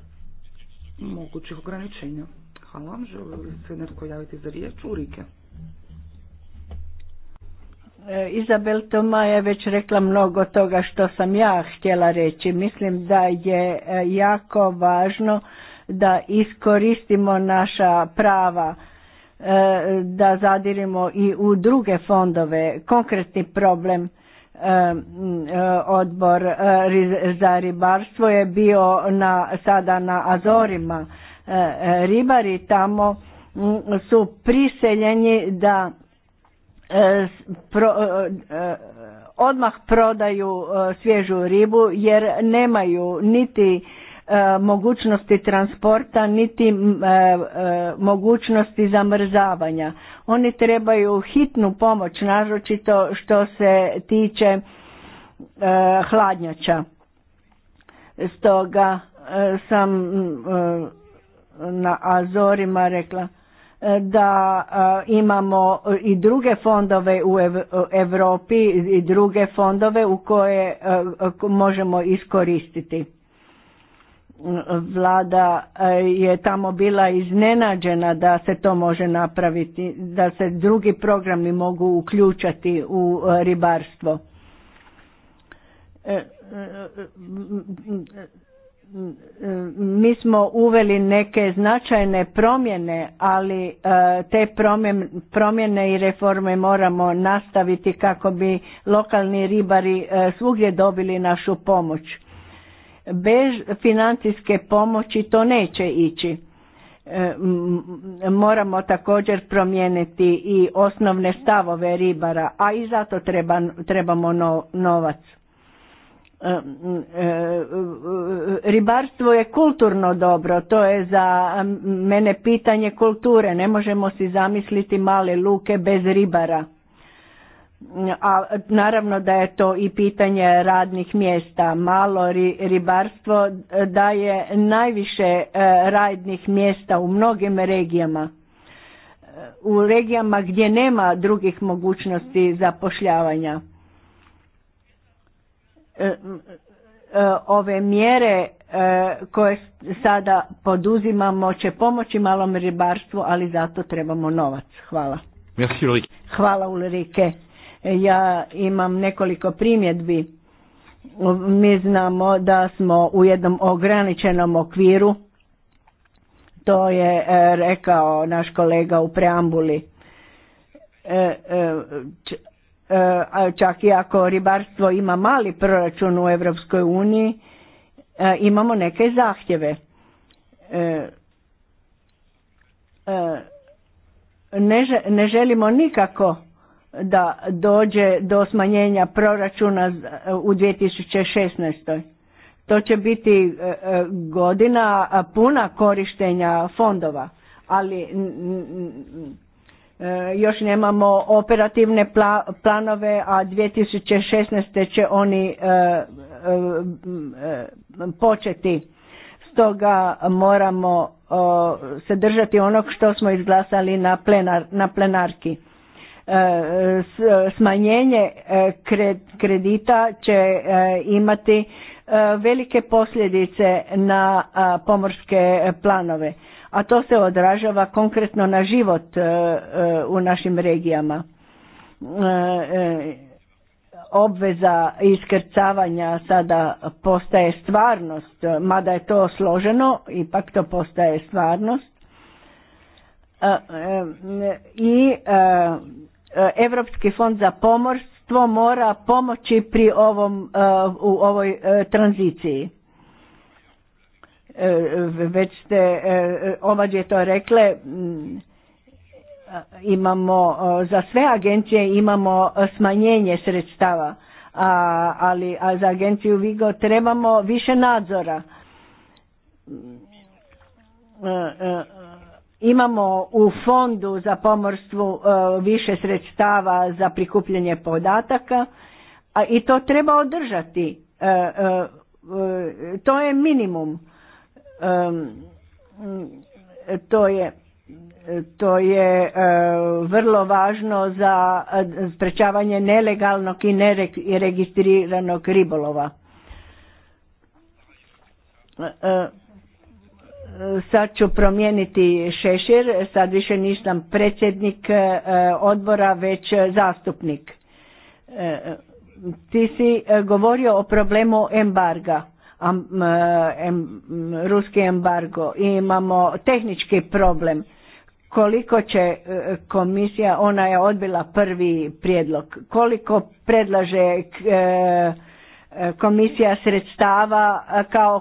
mogućih ograničenja. Hvala vam, želim se netko javiti za riječ, u Rike. Eh, Izabel Toma je već rekla mnogo toga što sam ja htjela reći. Mislim da je eh, jako važno da iskoristimo naša prava, eh, da zadirimo i u druge fondove. Konkretni problem odbor za ribarstvo je bio na, sada na Azorima. Ribari tamo mm, su priseljeni da E, pro, e, e, odmah prodaju svježu ribu jer nemaju niti mogućnosti transporta niti mogućnosti zamrzavanja. Oni trebaju hitnu pomoć naročito što se tiče hladnjača. Stoga sam na Azorima rekla da e, imamo i druge fondove u Europi i druge fondove u koje e, možemo iskoristiti. Vlada e, je tamo bila iznenađena da se to može napraviti, da se drugi programi mogu uključati u ribarstvo mi smo uveli neke značajne promjene, ali e, te promjene i reforme moramo nastaviti kako bi lokalni ribari e, svugdje dobili našu pomoć. Bez financijske pomoći to neće ići. E, moramo također promijeniti i osnovne stavove ribara, a i zato trebamo novac ribarstvo je kulturno dobro, to je za mene pitanje kulture, ne možemo si zamisliti male luke bez ribara. A naravno da je to i pitanje radnih mjesta. Malo ribarstvo daje najviše e, radnih mjesta u mnogim regijama. E, u regijama gdje nema drugih mogućnosti zapošljavanja E, e, ove mjere e, koje sada poduzimamo će pomoći malom ribarstvu, ali zato trebamo novac. Hvala. Hvala Ulrike. Ja imam nekoliko primjedbi. Mi znamo da smo u jednom ograničenom okviru, to je rekao naš kolega u preambuli, čak i ako ribarstvo ima mali proračun u Europskoj uniji, e, imamo neke zahtjeve. E, e, ne želimo nikako da dođe do smanjenja proračuna u 2016. To će biti godina puna korištenja fondova, ali E, još nemamo operativne planove, a 2016. će oni e, e, početi. Stoga moramo se držati onog što smo izglasali na, plenar, na plenarki. Smanjenje kredita će imati velike posljedice na pomorske planove a to se odražava konkretno na život e, e, u našim regijama. E, obveza iskrcavanja sada postaje stvarnost, mada je to složeno, ipak to postaje stvarnost. I Europski fond za pomorstvo mora pomoći pri ovom, u ovoj tranziciji. E, već ste e, ovađe to rekle, e, imamo za sve agencije imamo smanjenje sredstava, a, ali a za agenciju Vigo trebamo više nadzora. Imamo u fondu za pomorstvu više sredstava za prikupljanje podataka a i to treba održati. To je minimum to je to je e, vrlo važno za e, sprečavanje nelegalnog i neregistriranog ribolova. E, sad ću promijeniti šešir, sad više nisam predsjednik odbora, već zastupnik. Ti si govorio o problemu embarga Eh, ruski embargo i imamo tehnički problem koliko će eh, komisija, ona je odbila prvi prijedlog, koliko predlaže eh, komisija sredstava kao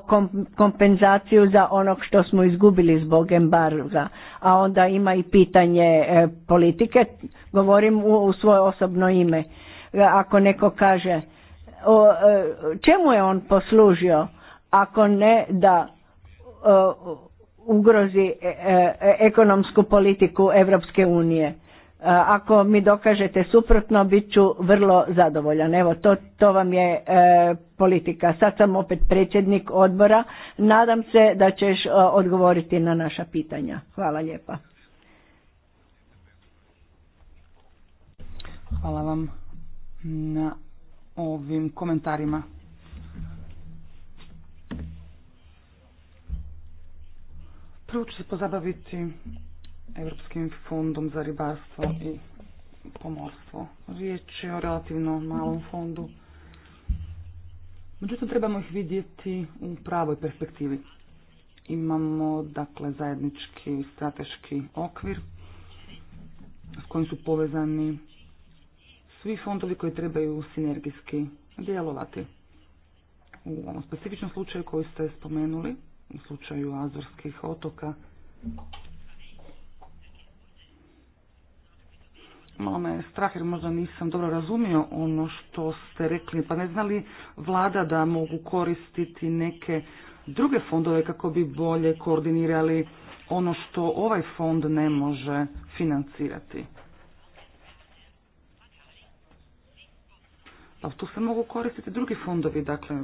kompenzaciju za onog što smo izgubili zbog embarga, a onda ima i pitanje politike, govorim u svoje osobno ime, ako neko kaže o, e, čemu je on poslužio ako ne da e, ugrozi e, ekonomsku politiku Europske unije. Ako mi dokažete suprotno, bit ću vrlo zadovoljan. Evo, to, to vam je politika. Sad sam opet predsjednik odbora. Nadam se da ćeš odgovoriti na naša pitanja. Hvala lijepa. Hvala vam na ovim komentarima. Prvo ću se pozabaviti Europskim fondom za ribarstvo i pomorstvo. Riječ je o relativno malom fondu. Međutim, trebamo ih vidjeti u pravoj perspektivi. Imamo, dakle, zajednički strateški okvir s kojim su povezani svi fondovi koji trebaju sinergijski djelovati. U ovom specifičnom slučaju koji ste spomenuli, u slučaju Azorskih otoka, malo me strah jer možda nisam dobro razumio ono što ste rekli. Pa ne zna vlada da mogu koristiti neke druge fondove kako bi bolje koordinirali ono što ovaj fond ne može financirati? ali tu se mogu koristiti drugi fondovi, dakle,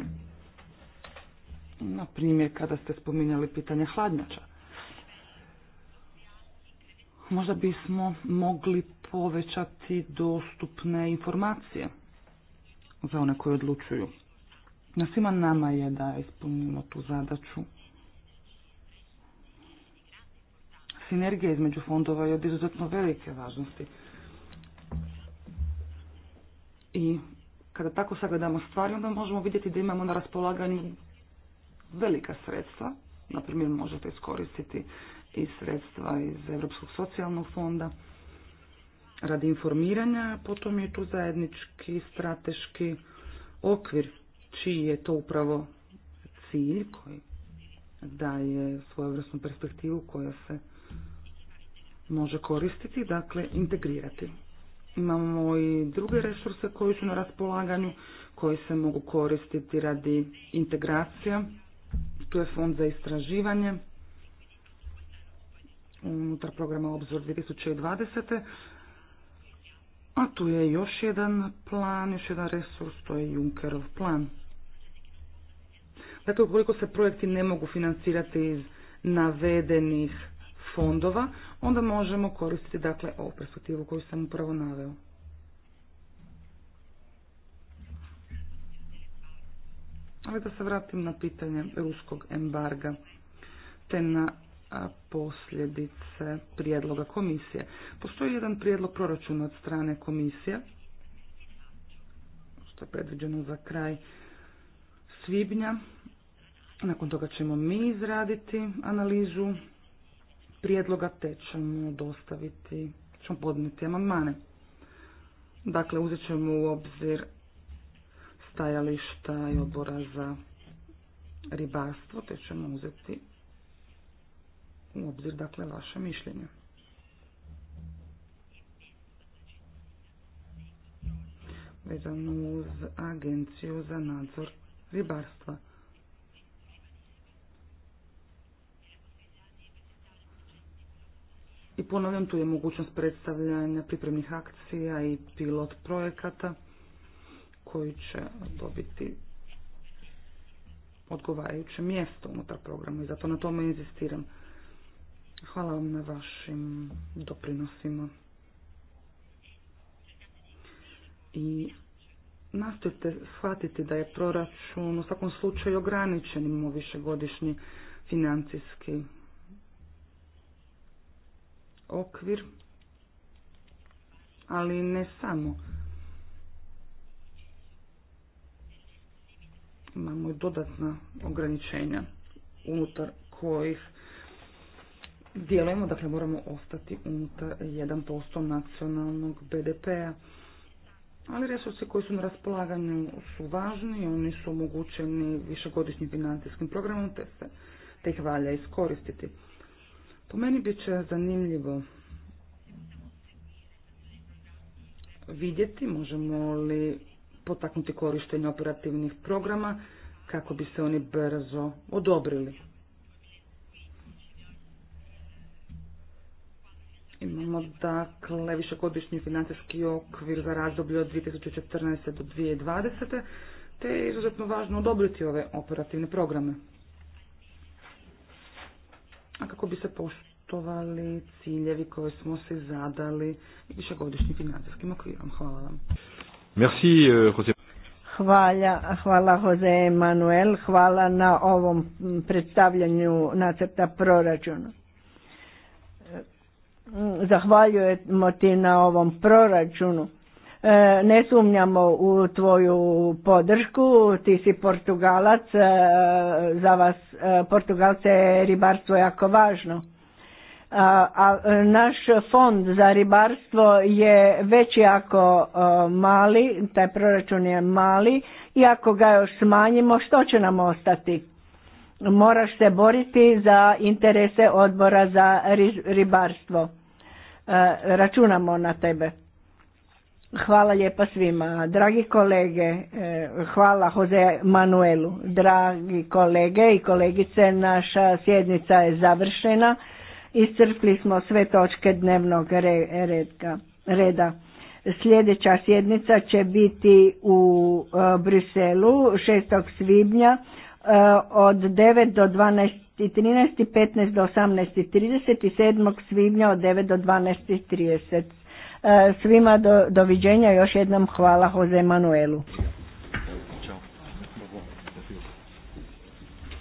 na primjer kada ste spominjali pitanje hladnjača. Možda bismo mogli povećati dostupne informacije za one koji odlučuju. Na svima nama je da ispunimo tu zadaću. Sinergija između fondova je od izuzetno velike važnosti. I kada tako sagledamo stvari, onda možemo vidjeti da imamo na raspolaganju velika sredstva. Naprimjer, možete iskoristiti i sredstva iz Europskog socijalnog fonda radi informiranja, potom je tu zajednički strateški okvir, čiji je to upravo cilj koji daje svojevrsnu perspektivu koja se može koristiti, dakle integrirati. Imamo i druge resurse koji su na raspolaganju, koji se mogu koristiti radi integracija. Tu je fond za istraživanje unutar programa Obzor 2020. A tu je još jedan plan, još jedan resurs, to je Junckerov plan. Dakle, ukoliko se projekti ne mogu financirati iz navedenih fondova, onda možemo koristiti dakle ovu perspektivu koju sam upravo naveo. Ali da se vratim na pitanje ruskog embarga te na posljedice prijedloga komisije. Postoji jedan prijedlog proračuna od strane komisije, što je predviđeno za kraj svibnja. Nakon toga ćemo mi izraditi analizu prijedloga te ćemo dostaviti, ćemo podnijeti amandmane. Dakle, uzet ćemo u obzir stajališta i odbora za ribarstvo, te ćemo uzeti u obzir, dakle, vaše mišljenje. vezano uz agenciju za nadzor ribarstva. I ponavljam, tu je mogućnost predstavljanja pripremnih akcija i pilot projekata koji će dobiti odgovarajuće mjesto unutar programa i zato na tome inzistiram. Hvala vam na vašim doprinosima. I nastojte shvatiti da je proračun u svakom slučaju ograničen, imamo višegodišnji financijski okvir, ali ne samo. Imamo i dodatna ograničenja unutar kojih djelujemo, dakle moramo ostati unutar 1% nacionalnog BDP-a. Ali resursi koji su na raspolaganju su važni, oni su omogućeni višegodišnjim financijskim programom, te, se, te ih valja iskoristiti. Po meni bit će zanimljivo vidjeti možemo li potaknuti korištenje operativnih programa kako bi se oni brzo odobrili. Imamo dakle višegodišnji financijski okvir za razdoblje od 2014. do 2020. te je izuzetno važno odobriti ove operativne programe kako bi se poštovali ciljevi koje smo se zadali višegodišnjim financijskim okvirom. Hvala vam. Merci, eh, Jose. Hvala, hvala Jose Manuel, hvala na ovom predstavljanju nacrta proračuna. Zahvaljujemo ti na ovom proračunu E, ne sumnjamo u tvoju podršku, ti si Portugalac, e, za vas e, Portugalce je ribarstvo jako važno. A naš fond za ribarstvo je već jako mali, taj proračun je mali i ako ga još smanjimo što će nam ostati? Moraš se boriti za interese odbora za ribarstvo. Računamo na tebe. Hvala lijepa svima. Dragi kolege, eh, hvala Jose Manuelu. Dragi kolege i kolegice, naša sjednica je završena. Iscrpli smo sve točke dnevnog reda. Sljedeća sjednica će biti u eh, Briselu 6. Eh, svibnja od 9 do 12 13 i 15 do 18 i 30 7. svibnja od 9 do 12 30. Svima do, doviđenja, još jednom hvala Jose Manuelu.